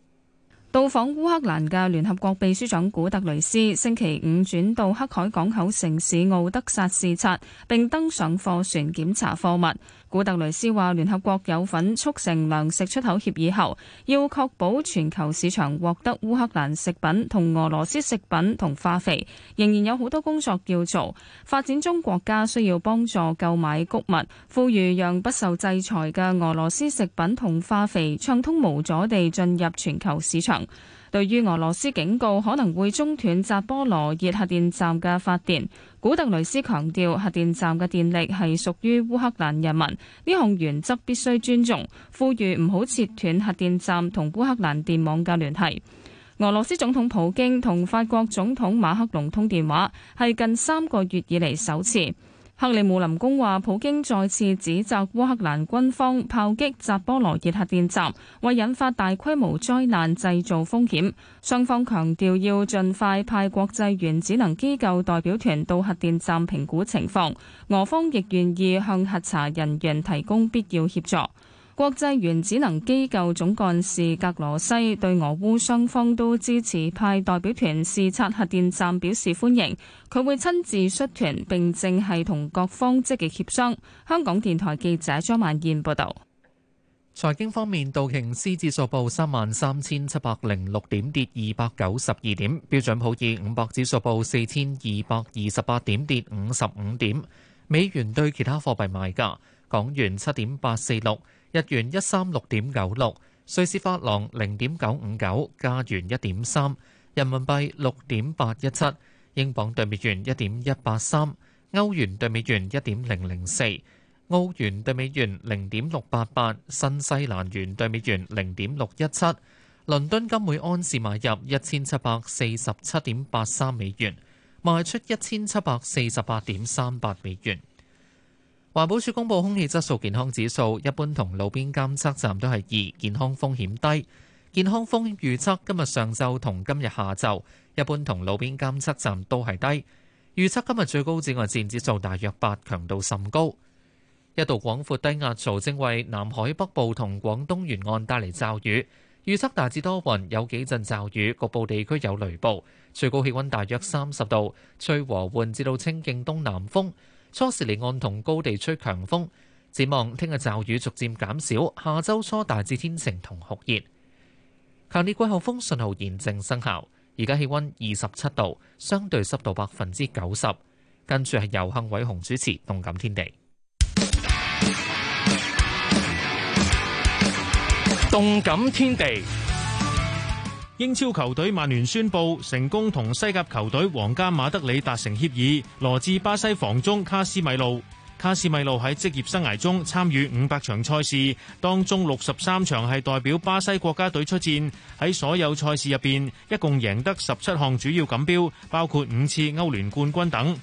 到訪烏克蘭嘅聯合國秘書長古特雷斯星期五轉到黑海港口城市敖德薩視察，並登上貨船檢查貨物。古特雷斯話：聯合國有份促成糧食出口協議後，要確保全球市場獲得烏克蘭食品同俄羅斯食品同化肥，仍然有好多工作要做。發展中國家需要幫助購買穀物，呼籲讓不受制裁嘅俄羅斯食品同化肥暢通無阻地進入全球市場。對於俄羅斯警告可能會中斷扎波羅熱核電站嘅發電。古特雷斯強調，核電站嘅電力係屬於烏克蘭人民，呢項原則必須尊重，呼籲唔好切斷核電站同烏克蘭電網嘅聯繫。俄羅斯總統普京同法國總統馬克龍通電話，係近三個月以嚟首次。克里姆林宮話，普京再次指責烏克蘭軍方炮擊扎波羅熱核電站，為引發大規模災難製造風險。雙方強調要盡快派國際原子能機構代表團到核電站評估情況，俄方亦願意向核查人員提供必要協助。國際原子能機構總幹事格羅西對俄烏雙方都支持派代表團視察核電站表示歡迎，佢會親自率團並正係同各方積極協商。香港電台記者張萬燕報導。財經方面，道瓊斯指數報三萬三千七百零六點，跌二百九十二點；標準普爾五百指數報四千二百二十八點，跌五十五點。美元對其他貨幣賣價，港元七點八四六。日元一三六點九六，瑞士法郎零點九五九，加元一點三，人民幣六點八一七，英鎊對美元一點一八三，歐元對美元一點零零四，澳元對美元零點六八八，新西蘭元對美元零點六一七。倫敦金每安士買入一千七百四十七點八三美元，賣出一千七百四十八點三八美元。環保署公布空氣質素健康指數，一般同路邊監測站都係二，健康風險低。健康風險預測今日上晝同今日下晝，一般同路邊監測站都係低。預測今日最高紫外線指數大約八，強度甚高。一道廣闊低壓槽正為南海北部同廣東沿岸帶嚟驟雨，預測大致多雲，有幾陣驟雨，局部地區有雷暴。最高氣温大約三十度，吹和緩至到清勁東南風。初時離岸同高地吹強風，展望聽日驟雨逐漸減少，下周初大致天晴同酷熱。強烈季候風信號現正生效，而家氣温二十七度，相對濕度百分之九十。跟住係由幸偉雄主持《動感天地》。《動感天地》英超球隊曼聯宣布成功同西甲球隊皇家馬德里達成協議，羅致巴西防中卡斯米路。卡斯米路喺職業生涯中參與五百場賽事，當中六十三場係代表巴西國家隊出戰。喺所有賽事入邊，一共贏得十七項主要錦標，包括五次歐聯冠軍等。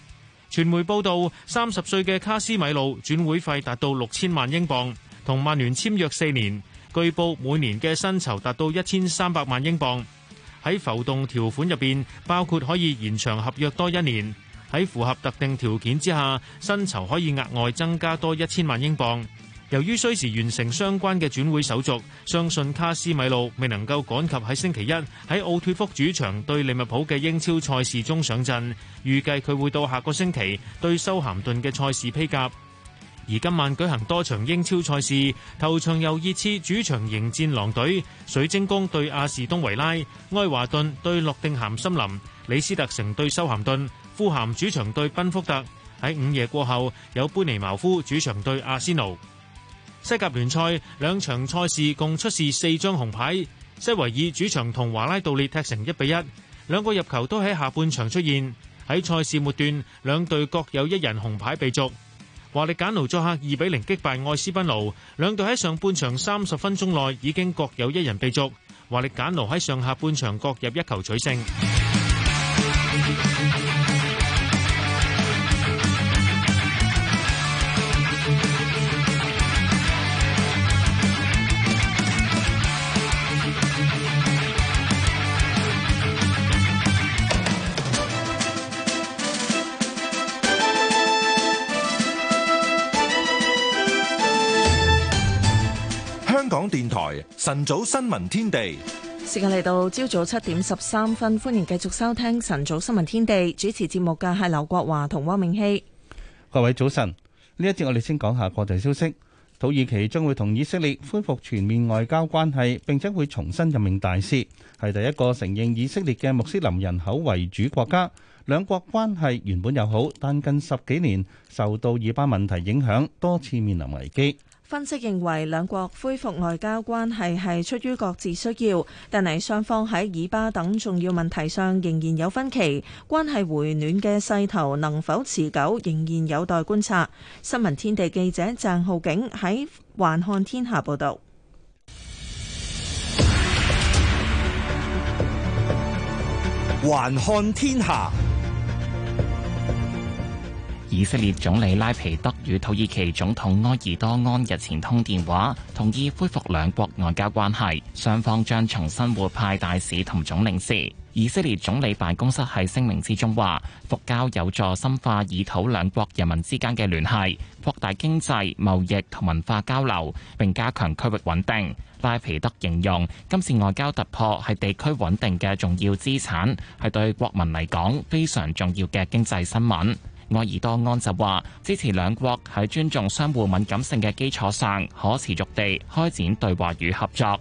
傳媒報道，三十歲嘅卡斯米路轉會費達到六千萬英鎊，同曼聯簽約四年。據報每年嘅薪酬達到一千三百萬英鎊。喺浮動條款入邊，包括可以延長合約多一年。喺符合特定條件之下，薪酬可以額外增加多一千萬英鎊。由於需時完成相關嘅轉會手續，相信卡斯米路未能夠趕及喺星期一喺奧脫福主場對利物浦嘅英超賽事中上陣。預計佢會到下個星期對修咸頓嘅賽事披甲。而今晚舉行多場英超賽事，頭場由熱刺主場迎戰狼隊，水晶宮對阿士東維拉，埃華頓對諾定咸森林，李斯特城對修咸頓，富咸主場對賓福特。喺午夜過後，有般尼茅夫主場對阿仙奴。西甲聯賽兩場賽事共出示四張紅牌，西維爾主場同華拉道列踢成一比一，兩個入球都喺下半場出現。喺賽事末段，兩隊各有一人紅牌被逐。華力簡奴作客二比零擊敗愛斯賓奴，兩隊喺上半場三十分鐘內已經各有一人被逐，華力簡奴喺上下半場各入一球取勝。晨早新聞天地，時間嚟到朝早七點十三分，歡迎繼續收聽晨早新聞天地。主持節目嘅係劉國華同汪明希。各位早晨，呢一節我哋先講下國際消息。土耳其將會同以色列恢復全面外交關係，並且會重新任命大使，係第一個承認以色列嘅穆斯林人口為主國家。兩國關係原本友好，但近十幾年受到以巴問題影響，多次面臨危機。分析認為，兩國恢復外交關係係出於各自需要，但係雙方喺以巴等重要問題上仍然有分歧，關係回暖嘅勢頭能否持久，仍然有待觀察。新聞天地記者鄭浩景喺環看天下報導。環看天下。報以色列總理拉皮德與土耳其總統埃爾多安日前通電話，同意恢復兩國外交關係，雙方將重新互派大使同總領事。以色列總理辦公室喺聲明之中話，復交有助深化以土兩國人民之間嘅聯繫，擴大經濟、貿易同文化交流，並加強區域穩定。拉皮德形容今次外交突破係地區穩定嘅重要資產，係對國民嚟講非常重要嘅經濟新聞。埃爾多安就話支持兩國喺尊重相互敏感性嘅基礎上，可持續地開展對話與合作。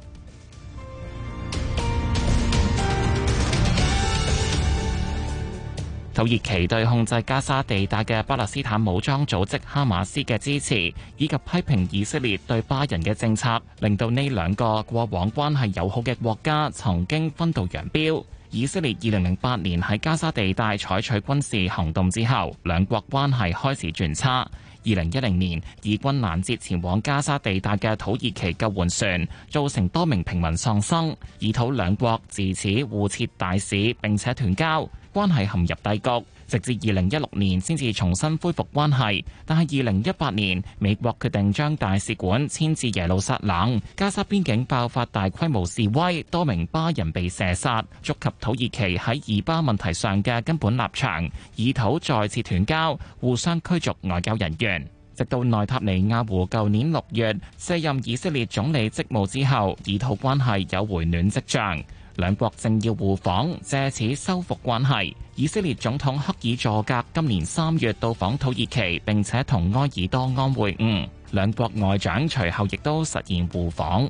土耳其對控制加沙地帶嘅巴勒斯坦武裝組織哈馬斯嘅支持，以及批評以色列對巴人嘅政策，令到呢兩個過往關係友好嘅國家曾經分道揚鑣。以色列二零零八年喺加沙地帶採取軍事行動之後，兩國關係開始轉差。二零一零年，以軍攔截前往加沙地帶嘅土耳其救援船，造成多名平民喪生。以土兩國自此互設大使並且斷交，關係陷入低谷。直至二零一六年先至重新恢復關係，但係二零一八年美國決定將大使館遷至耶路撒冷，加沙邊境爆發大規模示威，多名巴人被射殺，觸及土耳其喺以巴問題上嘅根本立場，以土再次斷交，互相驅逐外交人員。直到內塔尼亞胡舊年六月卸任以色列總理職務之後，以土關係有回暖跡象。兩國正要互訪，借此修復關係。以色列總統克爾佐格今年三月到訪土耳其，並且同埃爾多安會晤。兩國外長隨後亦都實現互訪。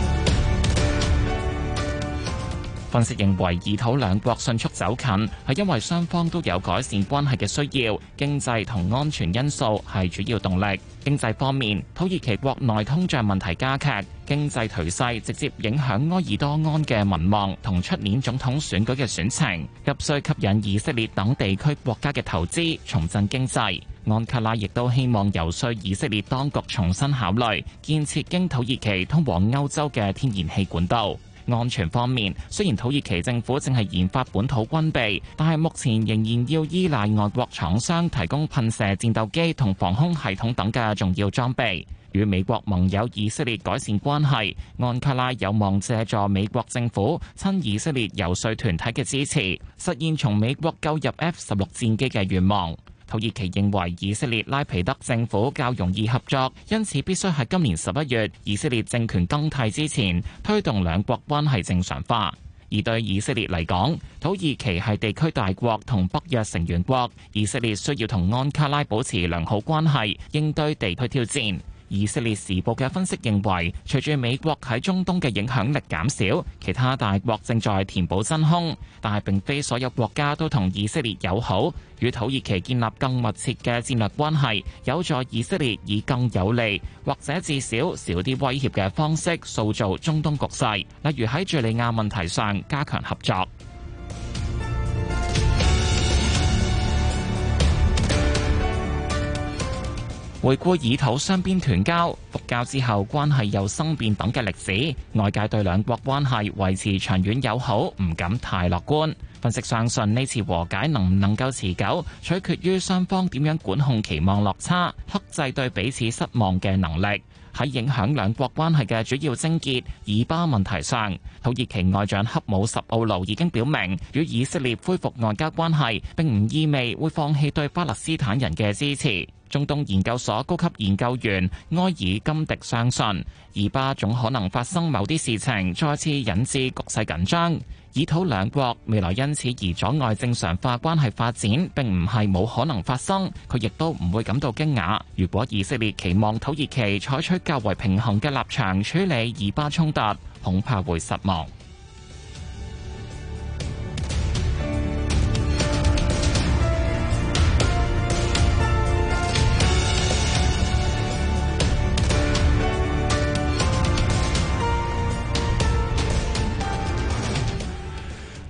分析認為，以土兩國迅速走近係因為雙方都有改善關係嘅需要，經濟同安全因素係主要動力。經濟方面，土耳其國內通脹問題加劇。經濟頹勢直接影響埃爾多安嘅民望同出年總統選舉嘅選情，急需吸引以色列等地區國家嘅投資重振經濟。安卡拉亦都希望游說以色列當局重新考慮建設經土耳其通往歐洲嘅天然氣管道。安全方面，雖然土耳其政府正係研發本土軍備，但係目前仍然要依賴外國廠商提供噴射戰鬥機同防空系統等嘅重要裝備。與美國盟友以色列改善關係，安卡拉有望借助美國政府親以色列游說團體嘅支持，實現從美國購入 F 十六戰機嘅願望。土耳其認為以色列拉皮德政府較容易合作，因此必須喺今年十一月以色列政權更替之前推動兩國關係正常化。而對以色列嚟講，土耳其係地區大國同北約成員國，以色列需要同安卡拉保持良好關係，應對地區挑戰。以色列時報嘅分析認為，隨住美國喺中東嘅影響力減少，其他大國正在填補真空，但係並非所有國家都同以色列友好，與土耳其建立更密切嘅戰略關係，有助以色列以更有利或者至少少啲威脅嘅方式塑造中東局勢，例如喺敘利亞問題上加強合作。回顧以土雙邊斷交、復交之後關係又生變等嘅歷史，外界對兩國關係維持長遠友好唔敢太樂觀。分析相信呢次和解能唔能夠持久，取決於雙方點樣管控期望落差、克制對彼此失望嘅能力。喺影響兩國關係嘅主要症結以巴問題上，土耳其外長恰武什奧盧已經表明，與以色列恢復外交關係並唔意味會放棄對巴勒斯坦人嘅支持。中東研究所高級研究員埃爾金迪相信，以巴總可能發生某啲事情，再次引致局勢緊張。以土兩國未來因此而阻礙正常化關係發展，並唔係冇可能發生。佢亦都唔會感到驚訝。如果以色列期望土耳其採取較為平衡嘅立場處理以巴衝突，恐怕會失望。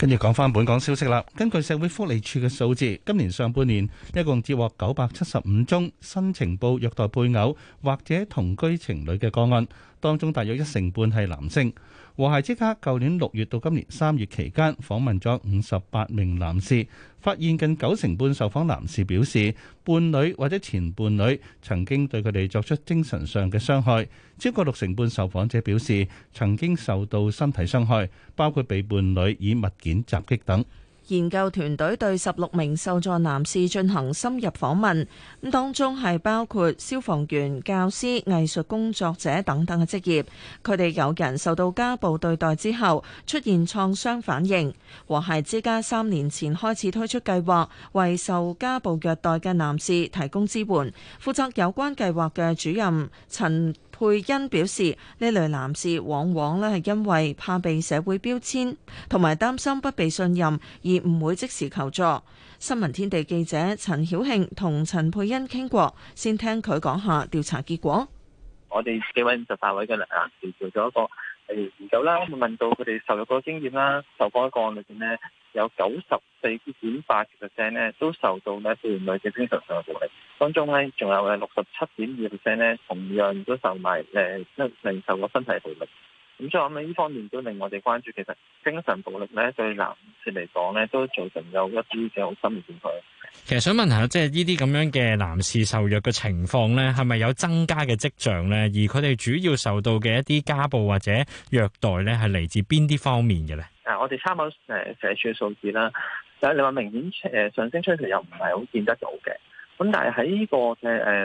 跟住講返本港消息啦。根據社會福利署嘅數字，今年上半年一共接獲九百七十五宗新呈報虐待配偶或者同居情侶嘅個案，當中大約一成半係男性。和諧之家舊年六月到今年三月期間訪問咗五十八名男士，發現近九成半受訪男士表示，伴侶或者前伴侶曾經對佢哋作出精神上嘅傷害；超過六成半受訪者表示曾經受到身體傷害，包括被伴侶以物件襲擊等。研究團隊對十六名受助男士進行深入訪問，咁當中係包括消防員、教師、藝術工作者等等嘅職業。佢哋有人受到家暴對待之後出現創傷反應。和諧之家三年前開始推出計劃，為受家暴虐待嘅男士提供支援。負責有關計劃嘅主任陳佩恩表示，呢類男士往往咧係因為怕被社會標籤，同埋擔心不被信任而唔會即時求助。新聞天地記者陳曉慶同陳佩恩傾過，先聽佢講下調查結果。我哋幾位五十八位嘅人啊，調咗一個係唔究啦，我問到佢哋受咗個經驗啦，受過一個案裏邊咧。有九十四點八 percent 咧，都受到咧對，女嘅精神上嘅暴力，當中咧仲有嘅六十七點二 percent 咧，同樣都受埋即係零零受嘅身體暴力。咁、嗯、所以我諗呢方面都令我哋關注，其實精神暴力咧對男士嚟講咧，都造成有一啲嘅好心理變化。其實想問下，即係呢啲咁樣嘅男士受虐嘅情況咧，係咪有增加嘅跡象咧？而佢哋主要受到嘅一啲家暴或者虐待咧，係嚟自邊啲方面嘅咧？啊！我哋參考誒社署嘅數字啦，但係你話明顯誒上升趨勢又唔係好見得到嘅。咁但係喺呢個嘅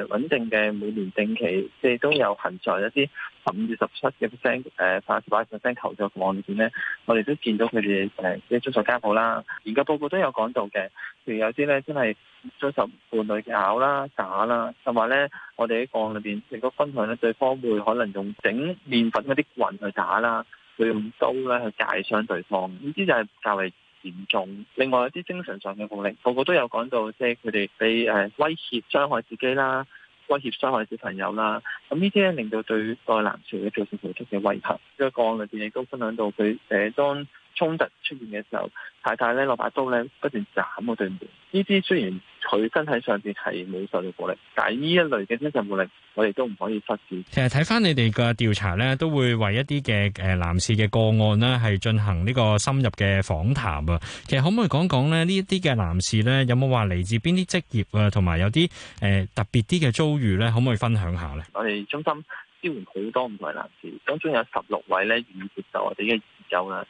誒穩定嘅每年定期，即係都有存在一啲十五至十七嘅 percent，八十 percent 求助嘅案件咧，我哋都見到佢哋誒即係遭受家暴啦。研究報告都有講到嘅，譬如有啲咧真係遭受伴侶嘅咬啦、打啦，同埋咧我哋喺個案裏邊亦都分享咧，對方會可能用整麵粉嗰啲棍去打啦。佢用刀咧去界傷對方，呢啲就係較為嚴重。另外一啲精神上嘅暴力，個個都有講到，即係佢哋被誒威脅、傷害自己啦，威脅、傷害小朋友啦。咁呢啲咧令到對個男潮嘅造成極大嘅威嚇。呢個個案裏邊亦都分享到佢誒當，衝突出現嘅時候，太太咧攞把刀咧不斷斬我對面。呢啲雖然佢身體上邊係冇受到暴力，但係呢一類嘅精神暴力，我哋都唔可以忽視。其實睇返你哋嘅調查咧，都會為一啲嘅誒男士嘅個案咧，係進行呢個深入嘅訪談啊。其實可唔可以講講咧？呢一啲嘅男士咧，有冇話嚟自邊啲職業啊？同埋有啲誒、呃、特別啲嘅遭遇咧，可唔可以分享下咧？我哋中心支援好多唔同嘅男士，當中有十六位咧願意接受我哋嘅研究啦。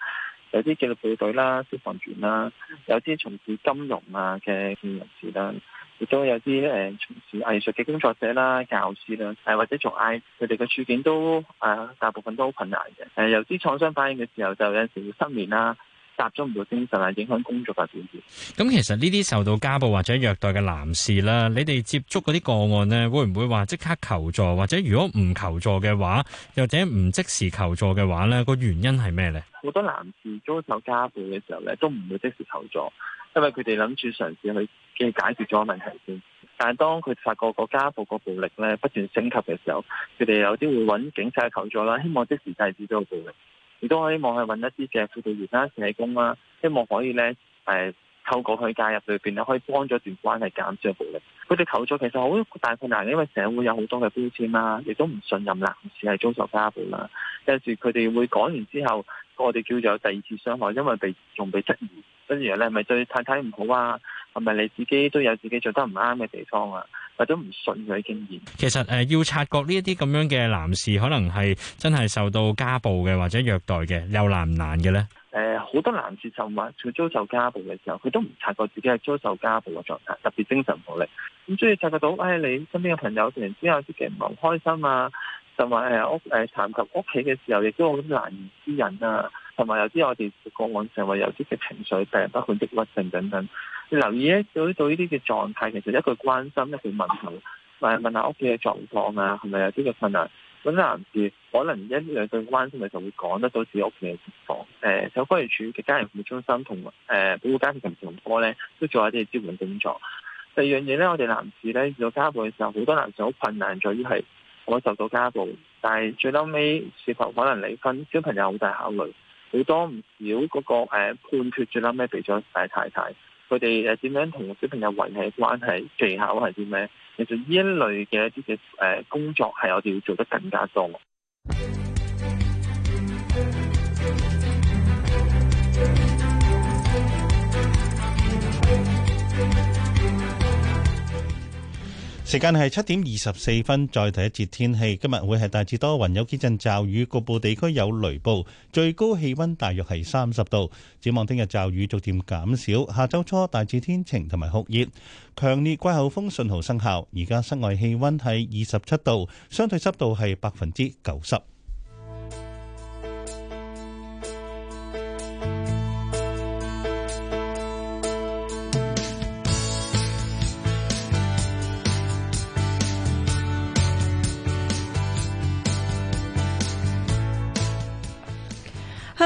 有啲紀律部隊啦、消防員啦，有啲從事金融啊嘅人士啦，亦都有啲誒從事藝術嘅工作者啦、教師啦，誒或者做 I，佢哋嘅處境都誒大部分都好困難嘅，誒有啲創傷反應嘅時候就有陣時會失眠啦。集中唔到精神啊，影響工作發展。咁其實呢啲受到家暴或者虐待嘅男士啦，你哋接觸嗰啲個案咧，會唔會話即刻求助？或者如果唔求助嘅話，又或者唔即時求助嘅話咧，個原因係咩咧？好多男士遭受家暴嘅時候咧，都唔會即時求助，因為佢哋諗住嘗試去嘅解決咗問題先。但係當佢發覺個家暴個暴力咧不斷升級嘅時候，佢哋有啲會揾警察求助啦，希望即時制止咗個暴力。亦都希望去揾一啲嘅輔導員啦、社工啦，希望可以咧，誒、呃，透過佢介入裏邊咧，可以幫咗段關係減少暴力。佢哋求助其實好大困難，因為社會有好多嘅標籤啦，亦都唔信任男士係遭受家暴啦。有時佢哋會講完之後，我哋叫做第二次傷害，因為被仲被質疑，跟住話咧，係咪對太太唔好啊？係咪你自己都有自己做得唔啱嘅地方啊？或者唔信佢經驗。其實誒、呃，要察覺呢一啲咁樣嘅男士，可能係真係受到家暴嘅或者虐待嘅，又難唔難嘅咧？誒、呃，好多男士就話佢遭受家暴嘅時候，佢都唔察覺自己係遭受家暴嘅狀態，特別精神暴力。咁所以察覺到，誒、哎，你身邊嘅朋友突然之間有啲嘅唔開心啊。同埋誒屋誒談及屋企嘅時候，亦都好難言之隱啊！同埋有啲我哋過往成為有啲嘅情緒病，包括抑鬱症等等。你留意一到到呢啲嘅狀態，其實一句關心，一句問候，問問下屋企嘅狀況啊，係咪有啲嘅困難？咁啲男士可能一兩句關心咪就會講得到自己屋企嘅情況。誒、呃，社工處嘅家人服務中心同誒、呃、保護家庭同同哥咧，都做一啲嘅支援工作。第二樣嘢咧，我哋男士咧遇到家暴嘅時候，好多男士好困難在於係。我受到家暴，但係最嬲尾是否可能離婚？小朋友好大考慮，好多唔少嗰個誒判決最嬲尾俾咗大太太，佢哋誒點樣同小朋友維繫關係技巧係啲咩？其實呢一類嘅一啲嘅誒工作係我哋要做得更加多。時間係七點二十四分，再睇一節天氣。今日會係大致多雲，有幾陣驟雨，局部地區有雷暴。最高氣溫大約係三十度。展望聽日驟雨逐漸減少，下周初大致天晴同埋酷熱。強烈季候風信號生效，而家室外氣溫係二十七度，相對濕度係百分之九十。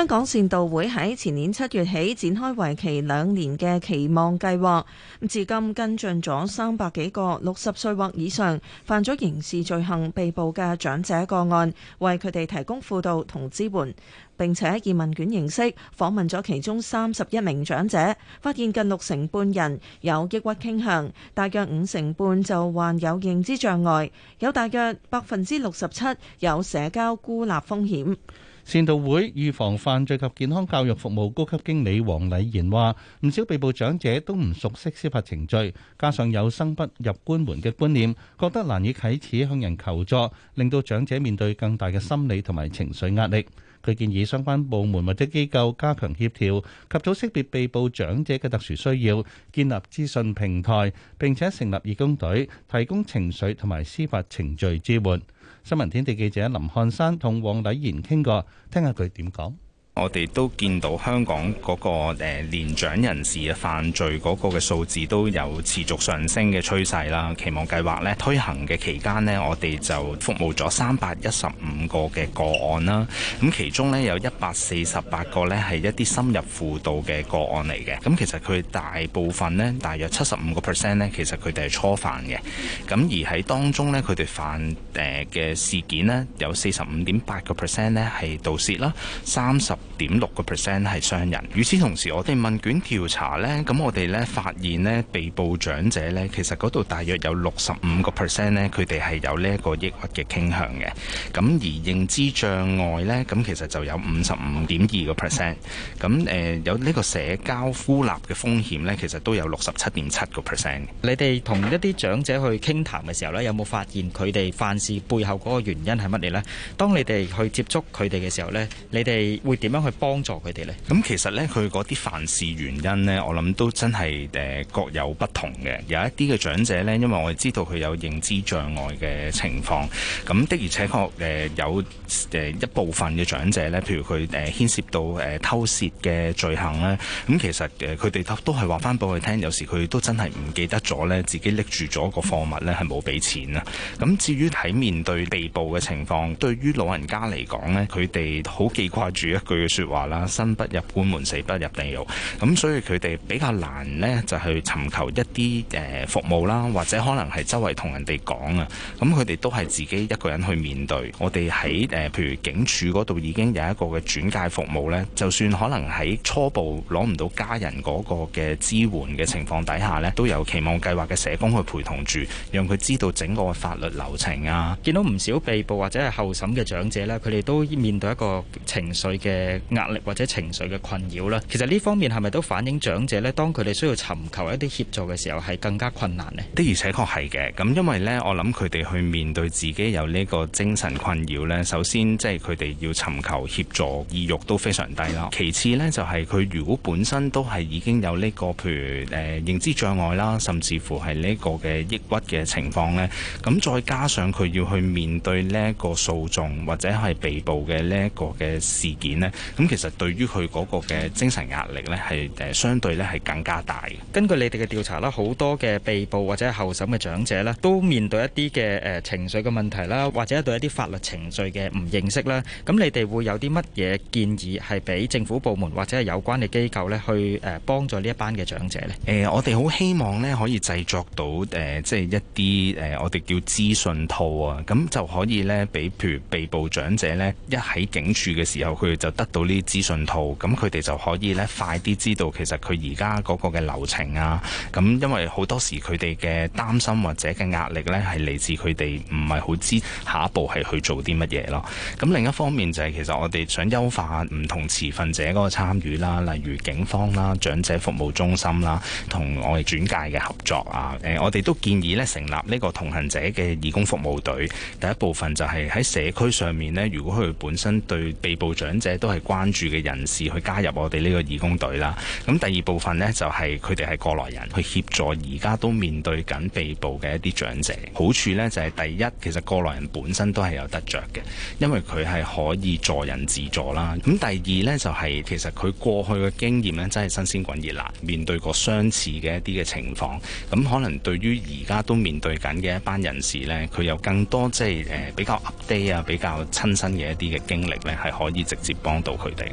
香港善道會喺前年七月起展開為期兩年嘅期望計劃，至今跟進咗三百幾個六十歲或以上犯咗刑事罪行被捕嘅長者個案，為佢哋提供輔導同支援，並且以問卷形式訪問咗其中三十一名長者，發現近六成半人有抑鬱傾向，大約五成半就患有認知障礙，有大約百分之六十七有社交孤立風險。善道會預防犯罪及健康教育服務高級經理王禮賢話，唔少被捕長者都唔熟悉司法程序，加上有生不入官門嘅觀念，覺得難以啟齒向人求助，令到長者面對更大嘅心理同埋情緒壓力。佢建議相關部門或者機構加強協調，及早識別被捕長者嘅特殊需要，建立資訊平台，並且成立義工隊，提供情緒同埋司法程序支援。新聞天地記者林漢山同黃禮賢傾過，聽下佢點講。我哋都見到香港嗰、嗰個誒、呃、年長人士嘅犯罪嗰個嘅數字都有持續上升嘅趨勢啦。期望計劃呢推行嘅期間呢，我哋就服務咗三百一十五個嘅個個案啦。咁其中呢，有一百四十八個呢係一啲深入輔導嘅個案嚟嘅。咁其實佢大部分呢，大約七十五個 percent 呢，其實佢哋係初犯嘅。咁而喺當中呢，佢哋犯誒嘅事件呢，有四十五點八個 percent 呢係盜竊啦，三十。點六個 percent 係傷人。與此同時，我哋問卷調查呢，咁我哋呢發現呢被捕長者呢，其實嗰度大約有六十五個 percent 呢，佢哋係有呢一個抑鬱嘅傾向嘅。咁而認知障礙呢，咁其實就有五十五點二個 percent。咁誒、呃、有呢個社交孤立嘅風險呢，其實都有六十七點七個 percent。你哋同一啲長者去傾談嘅時候呢，有冇發現佢哋犯事背後嗰個原因係乜嘢呢？當你哋去接觸佢哋嘅時候呢，你哋會點？點樣去幫助佢哋咧？咁其實咧，佢嗰啲犯事原因咧，我諗都真係誒各有不同嘅。有一啲嘅長者咧，因為我哋知道佢有認知障礙嘅情況，咁的而且確誒有誒一部分嘅長者咧，譬如佢誒牽涉到誒偷竊嘅罪行咧，咁其實誒佢哋都係話翻俾我哋聽，有時佢都真係唔記得咗咧，自己拎住咗個貨物咧係冇俾錢啊。咁至於喺面對被捕嘅情況，對於老人家嚟講咧，佢哋好記掛住一句。嘅説話啦，生不入官門，死不入地獄。咁所以佢哋比較難呢，就去尋求一啲誒服務啦，或者可能係周圍同人哋講啊。咁佢哋都係自己一個人去面對。我哋喺誒，譬如警署嗰度已經有一個嘅轉介服務呢，就算可能喺初步攞唔到家人嗰個嘅支援嘅情況底下呢，都有期望計劃嘅社工去陪同住，讓佢知道整個法律流程啊。見到唔少被捕或者係候審嘅長者呢，佢哋都面對一個情緒嘅。壓力或者情緒嘅困擾啦，其實呢方面係咪都反映長者呢？當佢哋需要尋求一啲協助嘅時候，係更加困難呢？的而且確係嘅，咁因為呢，我諗佢哋去面對自己有呢個精神困擾呢，首先即係佢哋要尋求協助意欲都非常低啦。其次呢，就係、是、佢如果本身都係已經有呢、呢個譬如誒、呃、認知障礙啦，甚至乎係呢一個嘅抑鬱嘅情況呢，咁再加上佢要去面對呢一個訴訟或者係被捕嘅呢一個嘅事件呢。咁其實對於佢嗰個嘅精神壓力呢，係誒相對咧係更加大嘅。根據你哋嘅調查啦，好多嘅被捕或者候審嘅長者呢，都面對一啲嘅誒情緒嘅問題啦，或者對一啲法律程序嘅唔認識啦。咁你哋會有啲乜嘢建議係俾政府部門或者係有關嘅機構呢去誒幫助呢一班嘅長者呢？誒、呃，我哋好希望呢可以製作到誒、呃，即係一啲誒、呃、我哋叫資訊套啊，咁就可以呢，俾譬如被捕長者呢，一喺警署嘅時候，佢哋就得到呢啲資訊套，咁佢哋就可以咧快啲知道其實，佢而家嗰個嘅流程啊。咁因為好多時，佢哋嘅擔心或者嘅壓力咧，係嚟自佢哋唔係好知下一步係去做啲乜嘢咯。咁另一方面就係其實，我哋想優化唔同持份者嗰個參與啦，例如警方啦、長者服務中心啦，同我哋轉介嘅合作啊。誒、呃，我哋都建議咧成立呢個同行者嘅義工服務隊，第一部分就係喺社區上面咧，如果佢本身對被捕長者都係。關注嘅人士去加入我哋呢個義工隊啦。咁第二部分呢，就係佢哋係過來人去協助而家都面對緊被捕嘅一啲長者。好處呢，就係第一，其實過來人本身都係有得着嘅，因為佢係可以助人自助啦。咁第二呢，就係其實佢過去嘅經驗呢，真係新鮮滾熱辣，面對過相似嘅一啲嘅情況。咁可能對於而家都面對緊嘅一班人士呢，佢有更多即係比較 update 啊、比較親身嘅一啲嘅經歷呢，係可以直接幫到佢哋。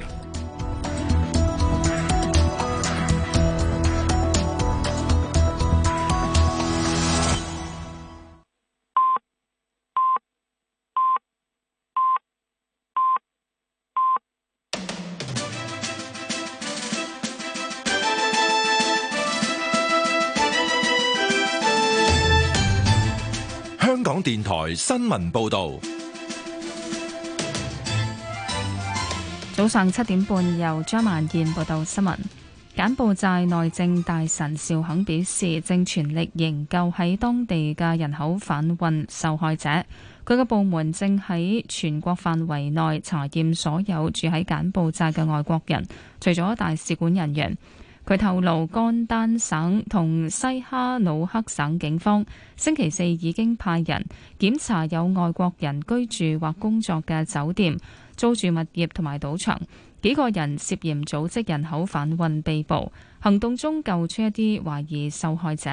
香港電台新聞報道。早上七點半，由張曼燕報道新聞。柬埔寨內政大臣邵肯表示，正全力營救喺當地嘅人口販運受害者。佢嘅部門正喺全國範圍內查驗所有住喺柬埔寨嘅外國人，除咗大使館人員。佢透露，甘丹省同西哈努克省警方星期四已經派人檢查有外國人居住或工作嘅酒店。租住物業同埋賭場，幾個人涉嫌組織人口販運被捕。行動中救出一啲懷疑受害者。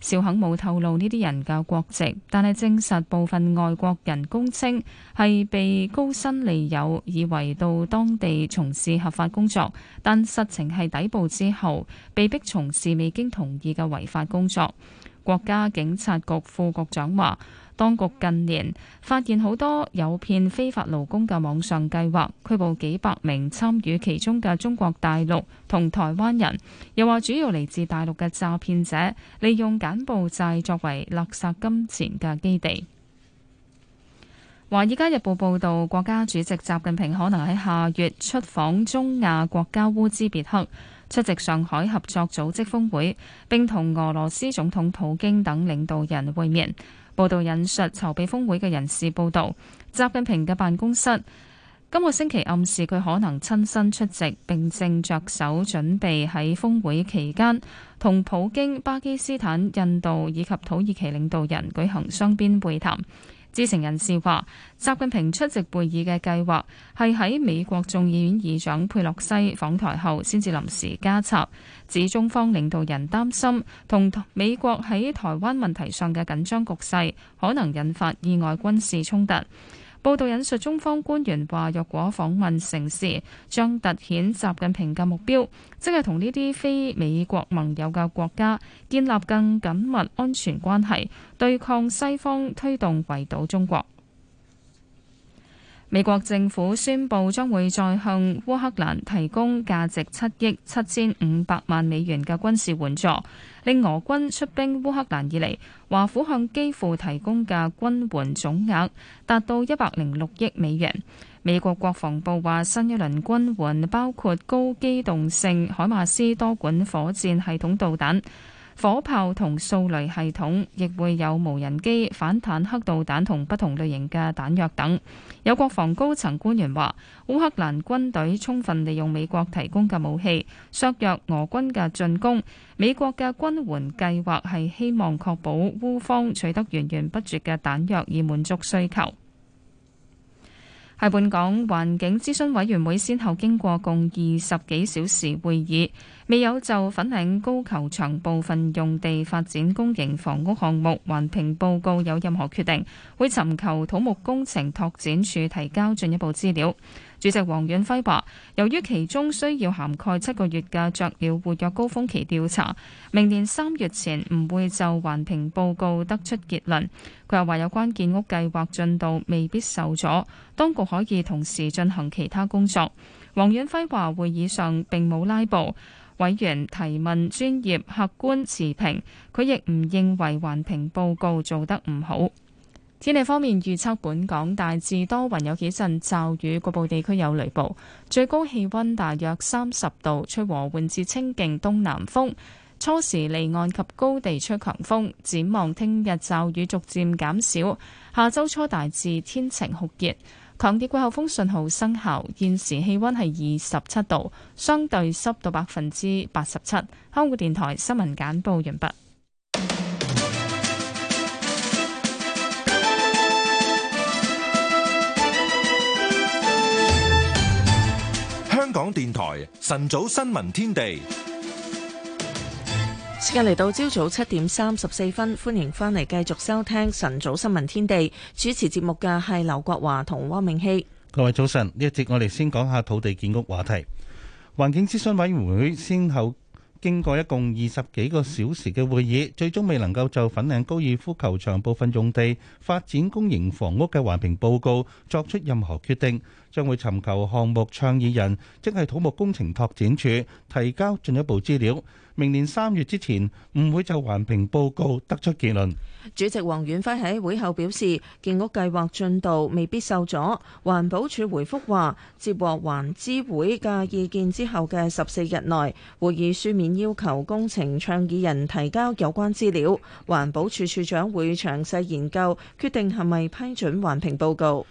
邵肯武透露呢啲人嘅國籍，但係證實部分外國人供稱係被高薪利誘，以為到當地從事合法工作，但實情係抵埗之後被迫從事未經同意嘅違法工作。國家警察局副局長話。當局近年發現好多誘騙非法勞工嘅網上計劃，拘捕幾百名參與其中嘅中國大陸同台灣人，又話主要嚟自大陸嘅詐騙者利用柬埔寨作為勒索金錢嘅基地。《華爾街日報》報道，國家主席習近平可能喺下月出訪中亞國家烏茲別克，出席上海合作組織峰會，並同俄羅斯總統普京等領導人會面。報道引述籌備峰會嘅人士報導，習近平嘅辦公室今個星期暗示佢可能親身出席，並正着手準備喺峰會期間同普京、巴基斯坦、印度以及土耳其領導人舉行雙邊會談。知情人士話，習近平出席會議嘅計劃係喺美國眾議院議長佩洛西訪台後先至臨時加插，指中方領導人擔心同美國喺台灣問題上嘅緊張局勢可能引發意外軍事衝突。報道引述中方官員話，若果訪問成事，將凸顯習近平嘅目標，即係同呢啲非美國盟友嘅國家建立更緊密安全關係，對抗西方推動圍堵中國。美國政府宣布將會再向烏克蘭提供價值七億七千五百萬美元嘅軍事援助。令俄軍出兵烏克蘭以嚟，華府向基輔提供嘅軍援總額達到一百零六億美元。美國國防部話，新一輪軍援包括高機動性海馬斯多管火箭系統導彈，火炮同掃雷系統亦會有無人機、反坦克導彈同不同類型嘅彈藥等。有國防高層官員話，烏克蘭軍隊充分利用美國提供嘅武器，削弱俄軍嘅進攻。美國嘅軍援計劃係希望確保烏方取得源源不絕嘅彈藥，以滿足需求。喺本港環境諮詢委員會，先後經過共二十幾小時會議，未有就粉嶺高球場部分用地發展公營房屋項目環評報告有任何決定，會尋求土木工程拓展署提交進一步資料。主席黃遠輝話：由於其中需要涵蓋七個月嘅雀鳥活躍高峰期調查，明年三月前唔會就環評報告得出結論。佢又話：有關建屋計劃進度未必受阻，當局可以同時進行其他工作。黃遠輝話：會議上並冇拉布，委員提問專業、客觀、持平。佢亦唔認為環評報告做得唔好。天氣方面預測，預測本港大致多雲，有幾陣驟雨，局部地區有雷暴，最高氣溫大約三十度，吹和緩至清勁東南風，初時離岸及高地吹強風。展望聽日驟雨逐漸減少，下周初大致天晴酷熱，強烈季候風信號生效。現時氣溫係二十七度，相對濕度百分之八十七。香港電台新聞簡報完畢，完畢。香港電台晨早新聞天地，時間嚟到朝早七點三十四分，歡迎翻嚟繼續收聽晨早新聞天地。主持節目嘅係劉國華同汪明熙。各位早晨，呢一節我哋先講下土地建屋話題。環境諮詢委員會先後經過一共二十幾個小時嘅會議，最終未能夠就粉嶺高爾夫球場部分用地發展公營房屋嘅環評報告作出任何決定。將會尋求項目倡議人，即係土木工程拓展署提交進一步資料。明年三月之前，唔會就環評報告得出結論。主席黃遠輝喺會後表示，建屋計劃進度未必受阻。環保署回覆話，接獲環諮會嘅意見之後嘅十四日內，會以書面要求工程倡議人提交有關資料。環保署署長會詳細研究，決定係咪批准環評報告。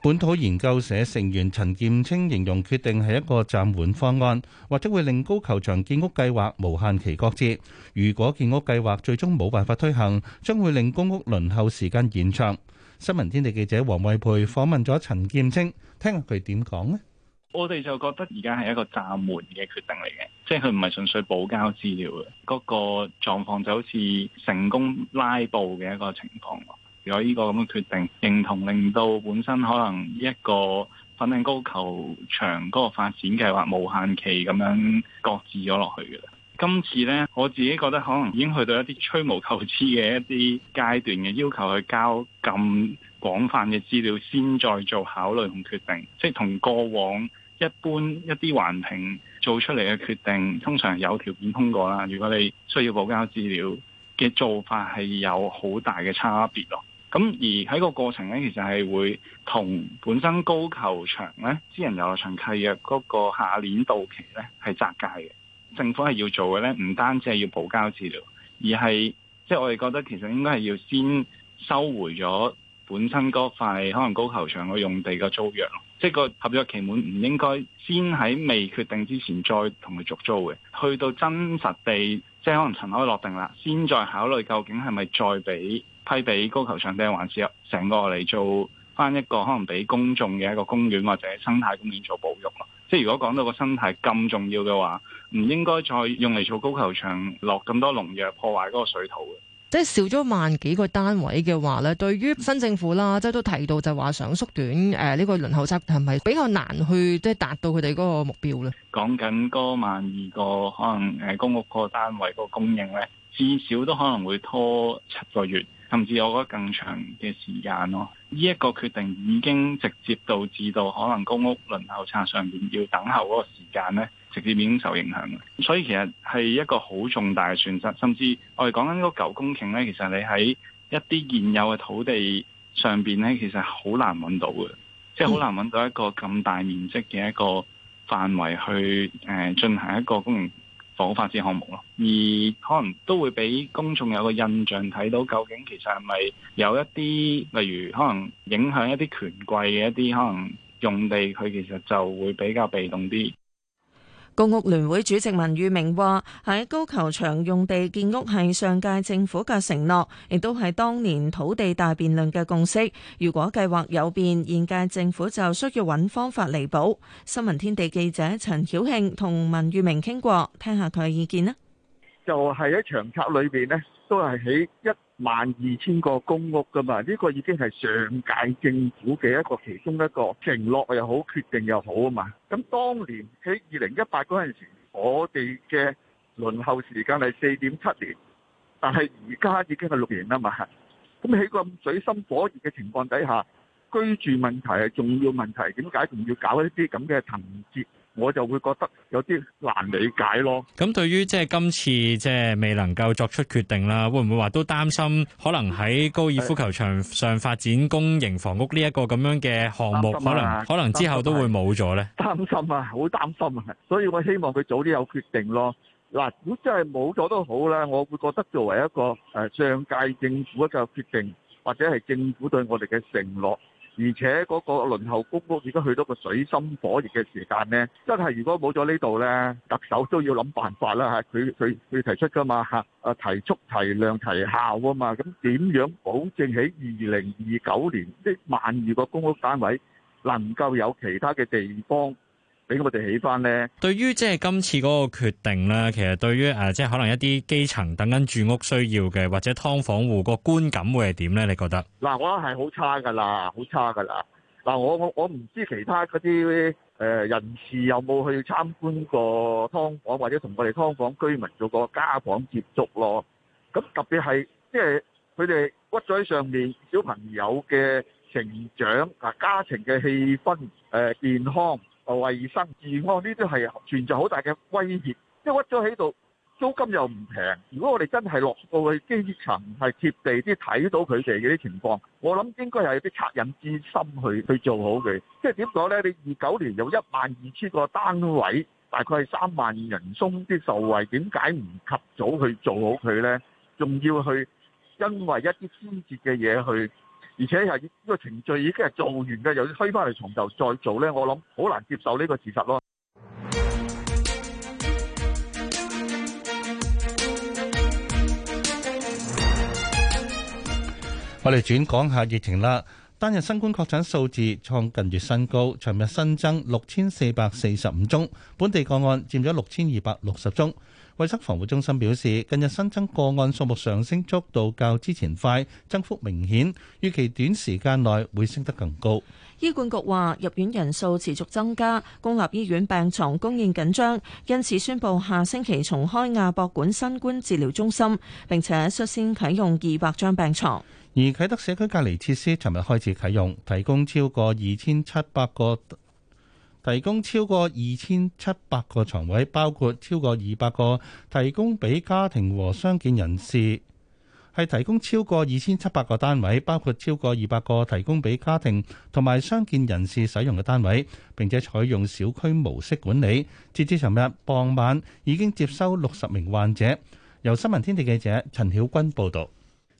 本土研究社成員陳劍青形容決定係一個暫緩方案，或者會令高球場建屋計劃無限期擱置。如果建屋計劃最終冇辦法推行，將會令公屋輪候時間延長。新聞天地記者黃慧培訪問咗陳劍青，聽下佢點講咧？我哋就覺得而家係一個暫緩嘅決定嚟嘅，即係佢唔係純粹補交資料嘅，嗰個狀況就好似成功拉布嘅一個情況。有呢個咁嘅決定，認同令到本身可能一個粉嶺高球場嗰個發展計劃無限期咁樣擱置咗落去嘅。今次咧，我自己覺得可能已經去到一啲吹毛求疵嘅一啲階段嘅要求，去交咁廣泛嘅資料先再做考慮同決定。即係同過往一般一啲環評做出嚟嘅決定，通常有條件通過啦。如果你需要補交資料嘅做法，係有好大嘅差別咯。咁而喺個過程咧，其實係會同本身高球場咧，私人遊樂場契約嗰個下年到期咧，係擲界嘅。政府係要做嘅咧，唔單止係要補交治療，而係即係我哋覺得其實應該係要先收回咗本身嗰塊可能高球場個用地嘅租約，即係個合約期滿唔應該先喺未決定之前再同佢續租嘅。去到真實地即係可能塵埃落定啦，先再考慮究竟係咪再俾。批俾高球場定還是成個嚟做返一個可能俾公眾嘅一個公園或者生態公園做保育咯。即係如果講到個生態咁重要嘅話，唔應該再用嚟做高球場落咁多農藥，破壞嗰個水土。即係少咗萬幾個單位嘅話咧，對於新政府啦，即係都提到就話想縮短誒呢個輪候期，係咪比較難去即係達到佢哋嗰個目標咧？講緊個萬二個可能誒公屋個單位個供應咧，至少都可能會拖七個月。甚至我覺得更長嘅時間咯，呢、這、一個決定已經直接導致到可能公屋輪候冊上邊要等候嗰個時間咧，直接已經受影響。所以其實係一個好重大嘅損失，甚至我哋講緊嗰九公頃呢，其實你喺一啲現有嘅土地上邊呢，其實好難揾到嘅，即係好難揾到一個咁大面積嘅一個範圍去誒進、呃、行一個公房發展項目咯，而可能都會俾公眾有個印象睇到，究竟其實係咪有一啲例如可能影響一啲權貴嘅一啲可能用地，佢其實就會比較被動啲。公屋聯會主席文裕明話：喺高球場用地建屋係上屆政府嘅承諾，亦都係當年土地大辯論嘅共識。如果計劃有變，現屆政府就需要揾方法彌補。新聞天地記者陳曉慶同文裕明傾過，聽下佢嘅意見呢就係喺長策裏邊呢都係喺。一。萬二千個公屋噶嘛，呢、這個已經係上屆政府嘅一個其中一個承諾又好，決定又好啊嘛。咁當年喺二零一八嗰陣時，我哋嘅輪候時間係四點七年，但係而家已經係六年啦嘛。咁喺個水深火熱嘅情況底下，居住問題係重要問題，點解仲要搞一啲咁嘅騰折？我就會覺得有啲難理解咯。咁對於即係今次即係未能夠作出決定啦，會唔會話都擔心？可能喺高爾夫球場上發展公營房屋呢一個咁樣嘅項目，可能可能之後都會冇咗咧。擔心啊，好擔心啊！所以我希望佢早啲有決定咯。嗱，如果真係冇咗都好啦，我會覺得作為一個誒上屆政府嘅決定，或者係政府對我哋嘅承諾。而且嗰個輪候公屋已經去到個水深火熱嘅時間咧，真係如果冇咗呢度咧，特首都要諗辦法啦嚇，佢佢佢提出㗎嘛嚇，啊提速提量提效啊嘛，咁點樣保證喺二零二九年即萬餘個公屋單位能夠有其他嘅地方？俾我哋起翻咧。對於即係今次嗰個決定咧，其實對於誒、呃、即係可能一啲基層等緊住屋需要嘅，或者劏房戶個觀感會係點咧？你覺得？嗱，我係好差噶啦，好差噶啦嗱。我我我唔知其他嗰啲誒人士有冇去參觀過劏房，或者同我哋劏房居民做過家訪接觸咯。咁特別係即係佢哋屈咗喺上面，小朋友嘅成長啊、呃，家庭嘅氣氛誒、呃，健康。啊，衛生治安呢啲係存在好大嘅威脅，即係屈咗喺度，租金又唔平。如果我哋真係落到去基層，係貼地啲睇到佢哋嗰啲情況，我諗應該係有啲惻隱之心去去做好佢。即係點講呢？你二九年有一萬二千個單位，大概係三萬人鬆啲受惠，點解唔及早去做好佢呢？仲要去因為一啲先節嘅嘢去？而且係呢個程序已經係做完嘅，又要推翻嚟重頭再做咧，我諗好難接受呢個事實咯。我哋轉講下疫情啦。單日新冠確診數字創近月新高，尋日新增六千四百四十五宗，本地個案佔咗六千二百六十宗。衛生防護中心表示，近日新增個案數目上升速度較之前快，增幅明顯，預期短時間內會升得更高。醫管局話，入院人數持續增加，公立醫院病床供應緊張，因此宣布下星期重開亞博館新冠治療中心，並且率先啟用二百張病床。而啟德社區隔離設施尋日開始啟用，提供超過二千七百個。提供超過二千七百個床位，包括超過二百個提供俾家庭和傷健人士。係提供超過二千七百個單位，包括超過二百個提供俾家庭同埋傷健人士使用嘅單位，並且採用小區模式管理。截至尋日傍晚，已經接收六十名患者。由新聞天地記者陳曉君報導。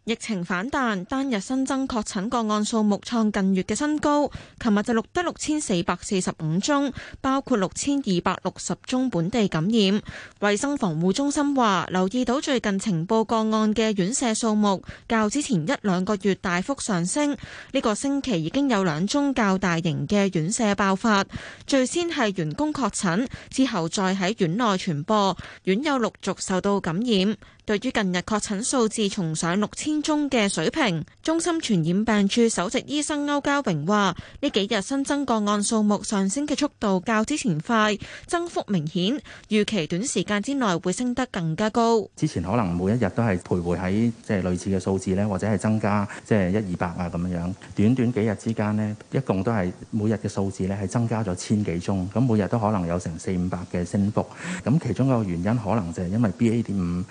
疫情反彈，單日新增確診個案數目創近月嘅新高。琴日就錄得六千四百四十五宗，包括六千二百六十宗本地感染。衛生防護中心話，留意到最近呈報個案嘅院舍數目較之前一兩個月大幅上升。呢個星期已經有兩宗較大型嘅院舍爆發，最先係員工確診，之後再喺院內傳播，院友陸續受到感染。對於近日確診數字重上六千宗嘅水平，中心傳染病處首席醫生歐家榮話，呢幾日新增個案數目上升嘅速度較之前快，增幅明顯，預期短時間之內會升得更加高。之前可能每一日都係徘徊喺即係類似嘅數字咧，或者係增加即係一二百啊，咁樣樣。短短幾日之間呢，一共都係每日嘅數字咧係增加咗千幾宗，咁每日都可能有成四五百嘅升幅。咁其中個原因可能就係因為 BA.5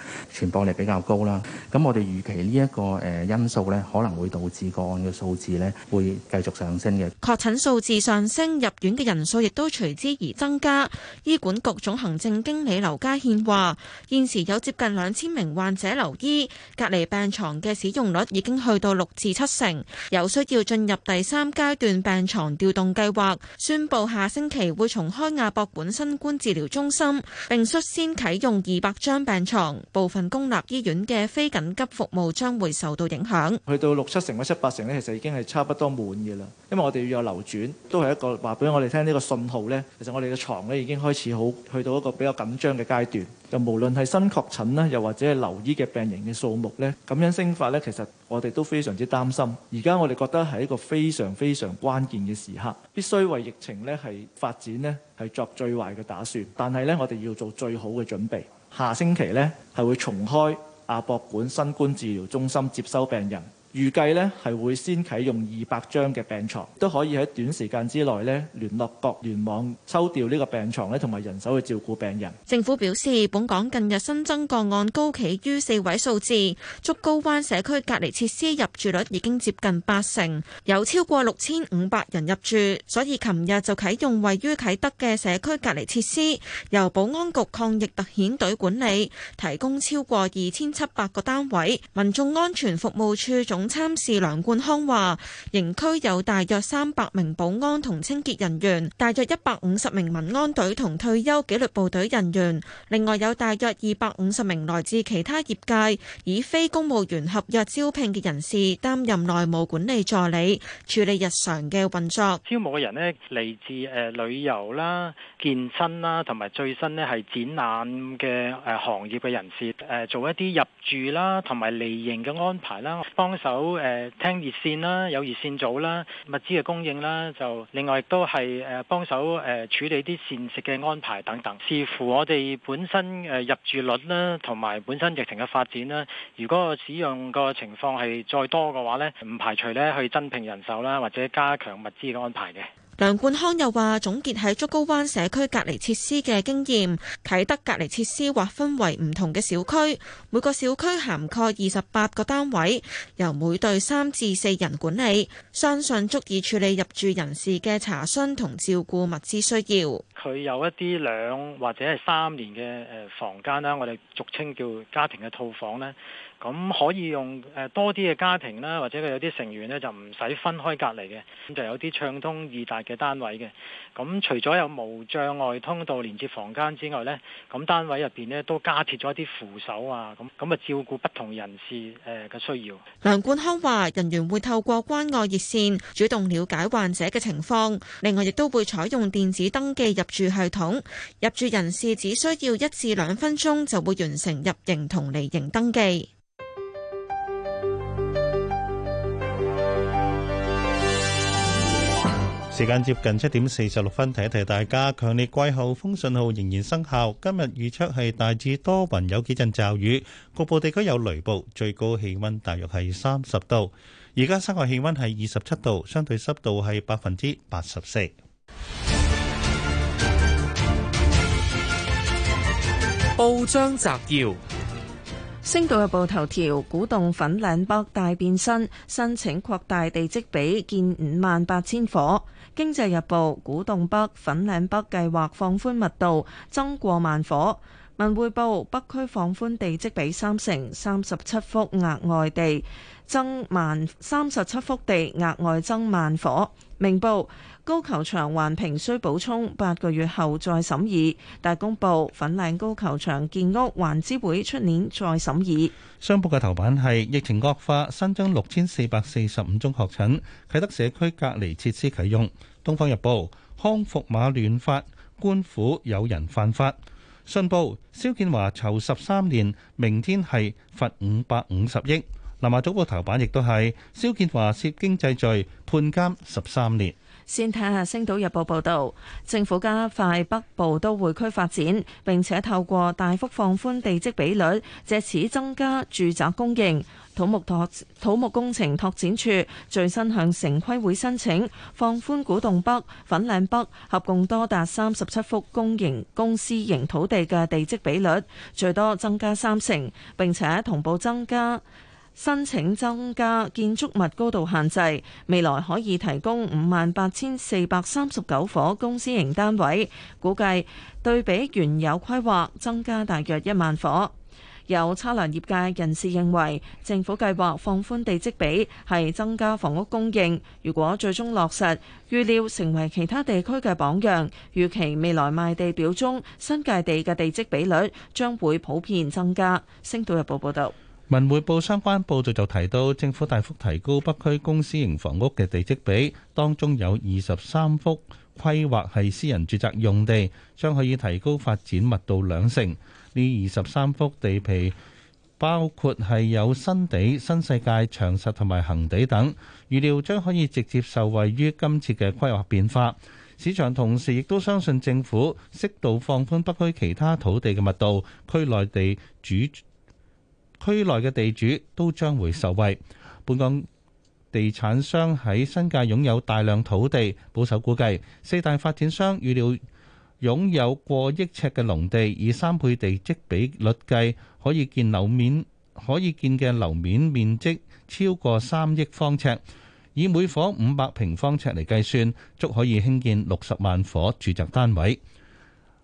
播力比較高啦，咁我哋預期呢一個誒因素咧，可能會導致個案嘅數字咧，會繼續上升嘅。確診數字上升，入院嘅人數亦都隨之而增加。醫管局總行政經理劉家憲話：現時有接近兩千名患者留醫，隔離病床嘅使用率已經去到六至七成，有需要進入第三階段病床調動計劃。宣布下星期會重開亞博館新冠治療中心，並率先啟用二百張病床。部分公立醫院嘅非緊急服務將會受到影響。去到六七成或者七八成咧，其實已經係差不多滿嘅啦。因為我哋要有流轉，都係一個話俾我哋聽呢個信號咧。其實我哋嘅床咧已經開始好去到一個比較緊張嘅階段。就無論係新確診啦，又或者係留醫嘅病人嘅數目咧，咁樣升法咧，其實我哋都非常之擔心。而家我哋覺得係一個非常非常關鍵嘅時刻，必須為疫情咧係發展咧係作最壞嘅打算。但係咧，我哋要做最好嘅準備。下星期咧，係會重開亞博館新冠治療中心接收病人。預計呢係會先啟用二百張嘅病床，都可以喺短時間之內呢聯絡各聯網抽調呢個病床呢同埋人手去照顧病人。政府表示，本港近日新增個案高企於四位數字，竹篙灣社區隔離設施入住率已經接近八成，有超過六千五百人入住，所以琴日就啟用位於啟德嘅社區隔離設施，由保安局抗疫特遣隊管理，提供超過二千七百個單位。民眾安全服務處總參事梁冠康話，營區有大約三百名保安同清潔人員，大約一百五十名民安隊同退休紀律部隊人員，另外有大約二百五十名來自其他業界以非公務員合約招聘嘅人士擔任內務管理助理，處理日常嘅運作。招募嘅人呢，嚟自誒旅遊啦、健身啦，同埋最新呢係展覽嘅誒行業嘅人士，誒做一啲入住啦同埋離營嘅安排啦，幫手。有誒聽熱線啦，有熱線組啦，物資嘅供應啦，就另外亦都係誒幫手誒處理啲膳食嘅安排等等。視乎我哋本身誒入住率啦，同埋本身疫情嘅發展啦。如果使用個情況係再多嘅話呢，唔排除咧去增聘人手啦，或者加強物資嘅安排嘅。梁冠康又話：總結喺竹篙灣社區隔離設施嘅經驗，啟德隔離設施劃分為唔同嘅小區，每個小區涵蓋二十八個單位，由每隊三至四人管理，相信足以處理入住人士嘅查詢同照顧物資需要。佢有一啲兩或者係三年嘅誒房間啦，我哋俗稱叫家庭嘅套房呢。咁、嗯、可以用誒多啲嘅家庭啦，或者佢有啲成員呢，就唔使分開隔離嘅，咁就有啲暢通易達嘅單位嘅。咁、嗯、除咗有無障礙通道連接房間之外呢，咁、嗯、單位入邊呢，都加設咗一啲扶手啊，咁咁啊照顧不同人士誒嘅需要。梁冠康話，人員會透過關愛熱線主動了解患者嘅情況，另外亦都會採用電子登記入住系統，入住人士只需要一至兩分鐘就會完成入營同離營登記。時間接近七點四十六分，提一提大家，強烈季候風信號仍然生效。今日預測係大致多雲，有幾陣驟雨，局部地區有雷暴，最高氣温大約係三十度。而家室外氣温係二十七度，相對濕度係百分之八十四。報章摘要，星島日報頭條，古洞粉嶺北大變身，申請擴大地積比，建五萬八千伙。《經濟日報》古洞北、粉嶺北計劃放寬密度，增過萬伙。文匯報北區放寬地積比三成，三十七幅額外地增萬三十七幅地額外增萬伙。明報高球場環評需補充八個月後再審議，大公報粉嶺高球場建屋環諮會出年再審議。商報嘅頭版係疫情惡化，新增六千四百四十五宗確診，啟德社區隔離設施啟用。東方日報康復馬亂發，官府有人犯法。信報：蕭建華囚十三年，明天係罰五百五十億。南華早報頭版亦都係蕭建華涉經濟罪判監十三年。先睇下《星島日報》報道：政府加快北部都會區發展，並且透過大幅放寬地積比率，借此增加住宅供應。土木拓土木工程拓展處最新向城規會申請放寬古洞北、粉嶺北合共多達三十七幅公營公私營土地嘅地積比率，最多增加三成，並且同步增加申請增加建築物高度限制。未來可以提供五萬八千四百三十九伙公私營單位，估計對比原有規劃增加大約一萬伙。有測量業界人士認為，政府計劃放寬地積比係增加房屋供應。如果最終落實，預料成為其他地區嘅榜樣。預期未來賣地表中新界地嘅地積比率將會普遍增加。星島日報報道，文匯報相關報導就提到，政府大幅提高北區公私型房屋嘅地積比，當中有二十三幅規劃係私人住宅用地，將可以提高發展密度兩成。呢二十三幅地皮包括係有新地、新世界、長實同埋恒地等，預料將可以直接受惠於今次嘅規劃變化。市場同時亦都相信政府適度放寬北區其他土地嘅密度，區內地主區內嘅地主都將會受惠。本港地產商喺新界擁有大量土地，保守估計四大發展商預料。擁有過億尺嘅農地，以三倍地積比率計，可以建樓面可以建嘅樓面面積超過三億方尺，以每伙五百平方尺嚟計算，足可以興建六十萬伙住宅單位。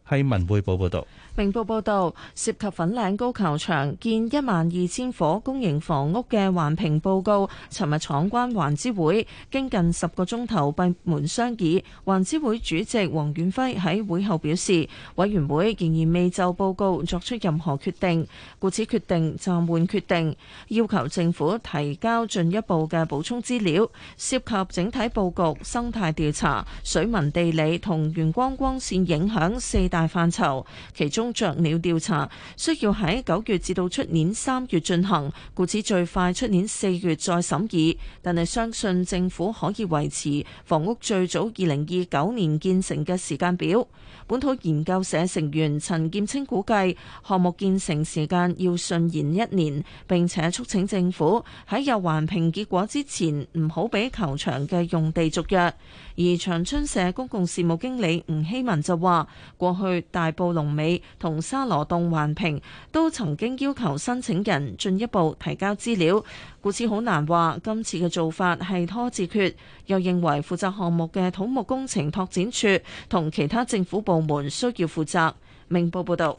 係文匯報報導。明報報道，涉及粉嶺高球場建一萬二千伙公營房屋嘅環評報告，尋日闖關，環諮會經近十個鐘頭閉門商議，環諮會主席黃遠輝喺會後表示，委員會仍然未就報告作出任何決定，故此決定暫緩決定，要求政府提交進一步嘅補充資料，涉及整體布局、生態調查、水文地理同原光光線影響四大範疇，其中。雀鳥調查需要喺九月至到出年三月進行，故此最快出年四月再審議。但係相信政府可以維持房屋最早二零二九年建成嘅時間表。本土研究社成員陳劍青估計，項目建成時間要順延一年，並且促請政府喺有環評結果之前唔好俾球場嘅用地續約。而長春社公共事務經理吳希文就話：過去大埔龍尾同沙羅洞環評都曾經要求申請人進一步提交資料，故此好難話今次嘅做法係拖字訣。又認為負責項目嘅土木工程拓展處同其他政府部門需要負責。明報報道。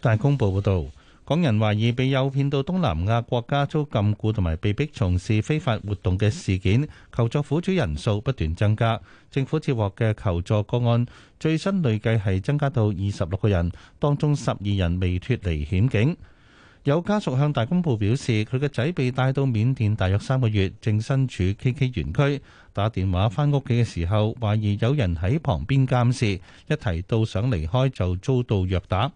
大公報報導。港人懷疑被誘騙到東南亞國家遭禁錮同埋被逼從事非法活動嘅事件，求助苦主人數不斷增加。政府接獲嘅求助個案最新累計係增加到二十六個人，當中十二人未脫離險境。有家屬向大公報表示，佢個仔被帶到緬甸大約三個月，正身處 K.K. 園區。打電話翻屋企嘅時候，懷疑有人喺旁邊監視，一提到想離開就遭到虐打。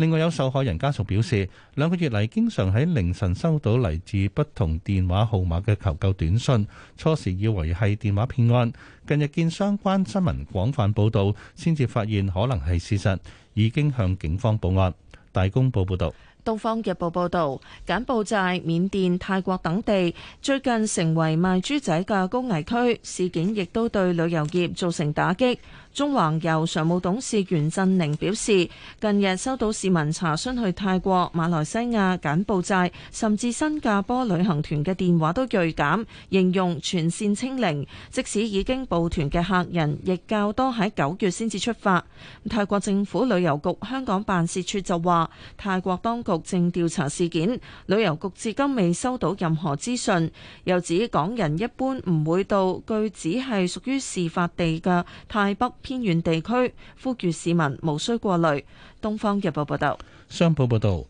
另外有受害人家屬表示，兩個月嚟經常喺凌晨收到嚟自不同電話號碼嘅求救短信，初時以為係電話騙案，近日見相關新聞廣泛報道，先至發現可能係事實，已經向警方報案。《大公報》報道，《東方日報》報道，柬埔寨、緬甸、泰國等地最近成為賣豬仔嘅高危區，事件亦都對旅遊業造成打擊。縱橫遊常務董事袁振寧表示，近日收到市民查詢去泰國、馬來西亞、柬埔寨，甚至新加坡旅行團嘅電話都鋭減，形容全線清零。即使已經報團嘅客人，亦較多喺九月先至出發。泰國政府旅遊局香港辦事處就話，泰國當局正調查事件，旅遊局至今未收到任何資訊。又指港人一般唔會到，據指係屬於事發地嘅泰北。偏遠地區呼籲市民無需過濾。東方日報報道，商報報道，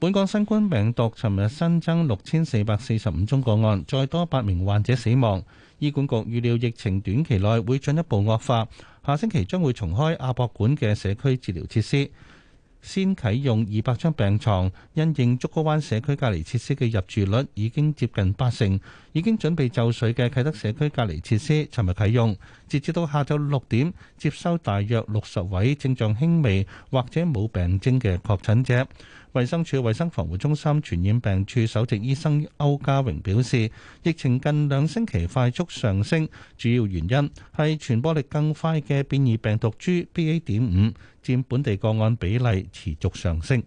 本港新冠病毒尋日新增六千四百四十五宗個案，再多八名患者死亡。醫管局預料疫情短期內會進一步惡化，下星期將會重開亞博館嘅社區治療設施。先啟用二百張病床，因應竹篙灣社區隔離設施嘅入住率已經接近八成，已經準備就緒嘅啟德社區隔離設施，尋日啟用，截至到下晝六點接收大約六十位症狀輕微或者冇病徵嘅確診者。.衛生署衛生防護中心傳染病處首席醫生歐家榮表示，疫情近兩星期快速上升，主要原因係傳播力更快嘅變異病毒株 BA.5 佔本地個案比例持續上升。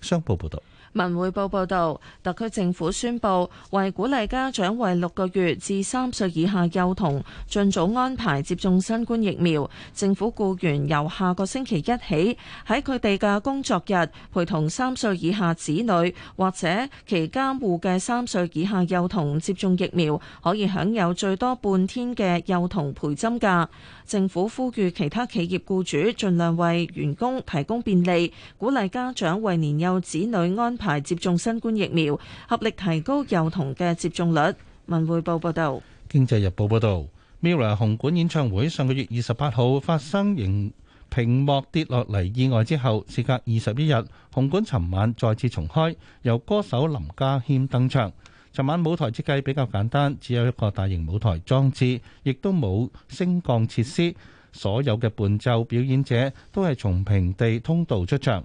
商報報道。文匯報報道，特區政府宣佈，為鼓勵家長為六個月至三歲以下幼童盡早安排接種新冠疫苗，政府僱員由下個星期一起喺佢哋嘅工作日陪同三歲以下子女或者其監護嘅三歲以下幼童接種疫苗，可以享有最多半天嘅幼童陪針假。政府呼籲其他企業僱主盡量為員工提供便利，鼓勵家長為年幼子女安排接種新冠疫苗，合力提高幼童嘅接種率。文匯報報道，經濟日報報道，MIRROR 紅館演唱會上個月二十八號發生熒屏幕跌落嚟意外之後，事隔二十一日，紅館尋晚再次重開，由歌手林家謙登場。尋晚舞台設計比較簡單，只有一個大型舞台裝置，亦都冇升降設施，所有嘅伴奏表演者都係從平地通道出場。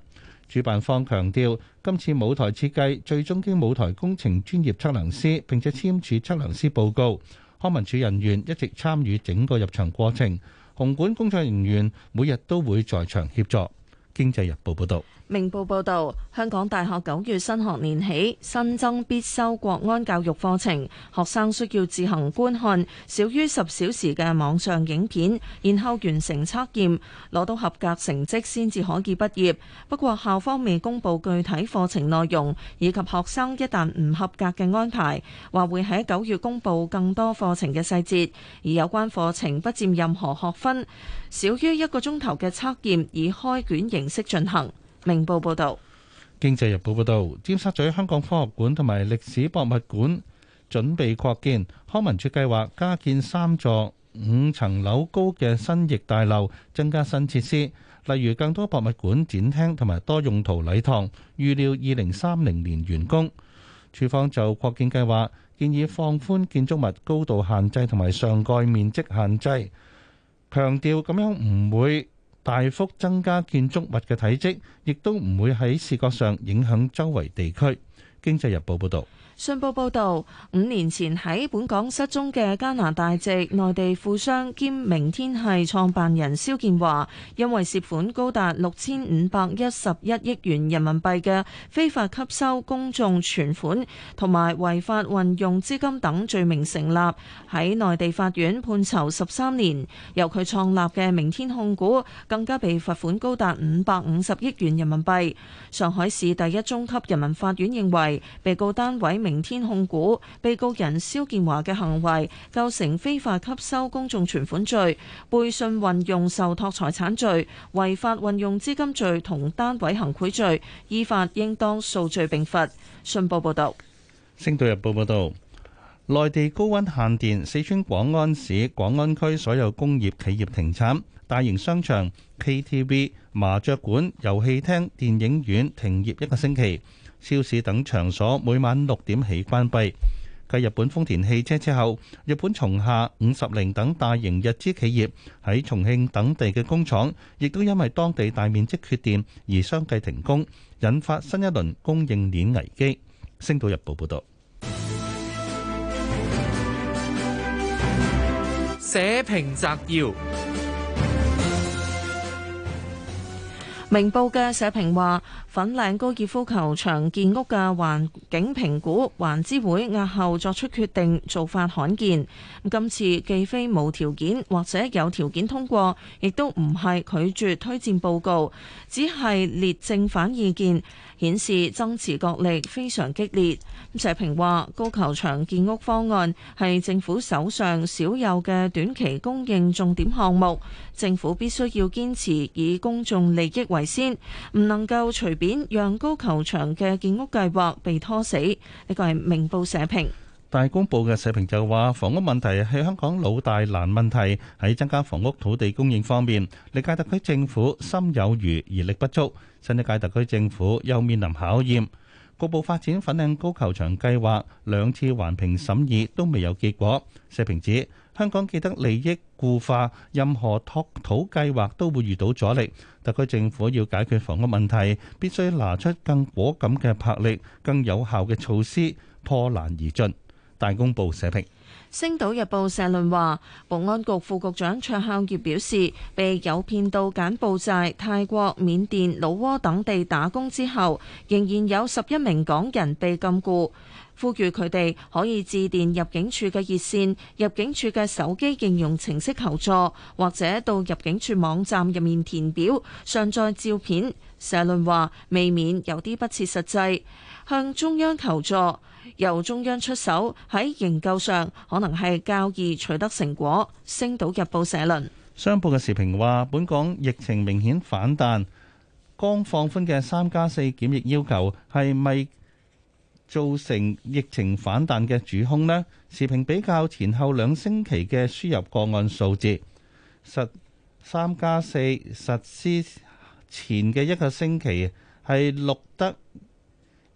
主辦方強調，今次舞台設計最終經舞台工程專業測量師，並且簽署測量師報告。康文署人員一直參與整個入場過程，紅館工作人員每日都會在場協助。經濟日報報道。明報報道，香港大學九月新學年起新增必修國安教育課程，學生需要自行觀看少於十小時嘅網上影片，然後完成測驗，攞到合格成績先至可以畢業。不過校方未公布具體課程內容，以及學生一旦唔合格嘅安排，話會喺九月公布更多課程嘅細節。而有關課程不佔任何學分，少於一個鐘頭嘅測驗以開卷形式進行。明報報道，經濟日報報道，尖沙咀香港科學館同埋歷史博物館準備擴建，康文署計劃加建三座五層樓高嘅新翼大樓，增加新設施，例如更多博物館展廳同埋多用途禮堂，預料二零三零年完工。署方就擴建計劃建議放寬建築物高度限制同埋上蓋面積限制，強調咁樣唔會。大幅增加建築物嘅體積，亦都唔會喺視覺上影響周圍地區。經濟日報報導。信報報導，五年前喺本港失蹤嘅加拿大籍內地富商兼明天系創辦人肖建華，因為涉款高達六千五百一十一億元人民幣嘅非法吸收公眾存款同埋違法運用資金等罪名成立，喺內地法院判囚十三年。由佢創立嘅明天控股更加被罰款高達五百五十億元人民幣。上海市第一中級人民法院認為被告單位，明天控股被告人肖建華嘅行為構成非法吸收公眾存款罪、背信運用受託財產罪、違法運用資金罪同單位行賄罪，依法應當數罪併罰。信報報道，星島日報報道，內地高溫限電，四川廣安市廣安區所有工業企業停產，大型商場、KTV、麻雀館、遊戲廳、電影院停業一個星期。超市等場所每晚六點起關閉。繼日本豐田汽車之後，日本松下、五十鈴等大型日資企業喺重慶等地嘅工廠，亦都因為當地大面積缺電而相繼停工，引發新一輪供應鏈危機。星島日報報道。社評摘要：明報嘅社評話。粉嶺高爾夫球場建屋嘅環境評估，環資會押後作出決定，做法罕見。今次既非無條件或者有條件通過，亦都唔係拒絕推薦報告，只係列正反意見，顯示爭持角力非常激烈。謝平話：高球場建屋方案係政府手上少有嘅短期供應重點項目，政府必須要堅持以公眾利益為先，唔能夠隨便。讓高球場嘅建屋計劃被拖死，呢個係明報社評。大公報嘅社評就話，房屋問題係香港老大難問題，喺增加房屋土地供應方面，歷屆特區政府心有餘而力不足，新一屆特區政府又面臨考驗。局部發展粉嶺高球場計劃兩次環評審議都未有結果。社評指香港既得利益固化，任何拓土計劃都會遇到阻力。特區政府要解決房屋問題，必須拿出更果敢嘅魄力、更有效嘅措施，破難而進。大公報社評。《星島日報》社論話，保安局副局長卓孝業表示，被誘騙到柬埔寨、泰國、緬甸、老撾等地打工之後，仍然有十一名港人被禁錮，呼籲佢哋可以致電入境處嘅熱線、入境處嘅手機應用程式求助，或者到入境處網站入面填表上載照片。社論話，未免有啲不切實際，向中央求助。由中央出手喺營救上，可能係較易取得成果。星島日報社論，商報嘅時評話，本港疫情明顯反彈，剛放寬嘅三加四檢疫要求係咪造成疫情反彈嘅主兇呢？時評比較前後兩星期嘅輸入個案數字，實三加四實施前嘅一個星期係錄得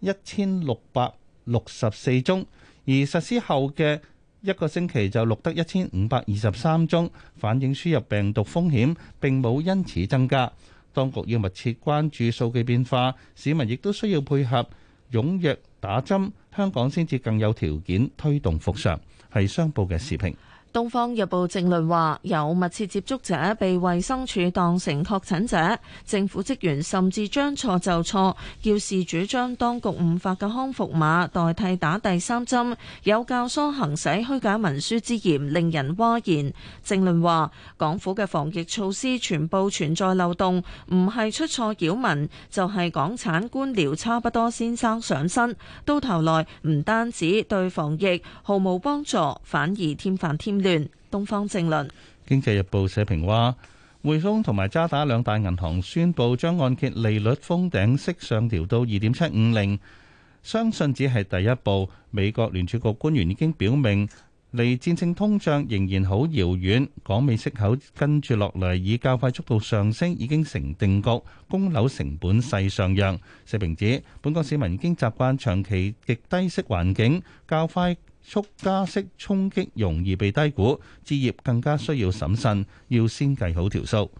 一千六百。六十四宗，而實施後嘅一個星期就錄得一千五百二十三宗，反映輸入病毒風險並冇因此增加。當局要密切關注數據變化，市民亦都需要配合踴躍打針，香港先至更有條件推動復常。係商報嘅時評。《東方日報政論》政論話，有密切接觸者被衛生署當成確診者，政府職員甚至將錯就錯，要事主將當局誤發嘅康復碼代替打第三針，有教唆行使虛假文書之嫌，令人嘩然。政論話，港府嘅防疫措施全部存在漏洞，唔係出錯擾民，就係、是、港產官僚差不多先生上身，到頭來唔單止對防疫毫無幫助，反而添煩添亂。聯東方正論，《經濟日報》社評話：匯豐同埋渣打兩大銀行宣布將按揭利率封頂息上調到二點七五零，相信只係第一步。美國聯儲局官員已經表明，離戰勝通脹仍然好遙遠，港美息口跟住落嚟以較快速度上升已經成定局，供樓成本勢上揚。社評指，本港市民已經習慣長期極低息環境，較快。速加息衝擊容易被低估，置業更加需要審慎，要先計好條數。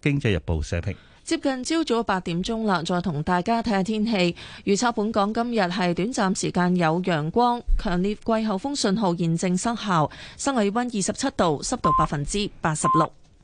經濟日報社評。接近朝早八點鐘啦，再同大家睇下天氣預測。本港今日係短暫時間有陽光，強烈季候風信號現正生效，室氣溫二十七度，濕度百分之八十六。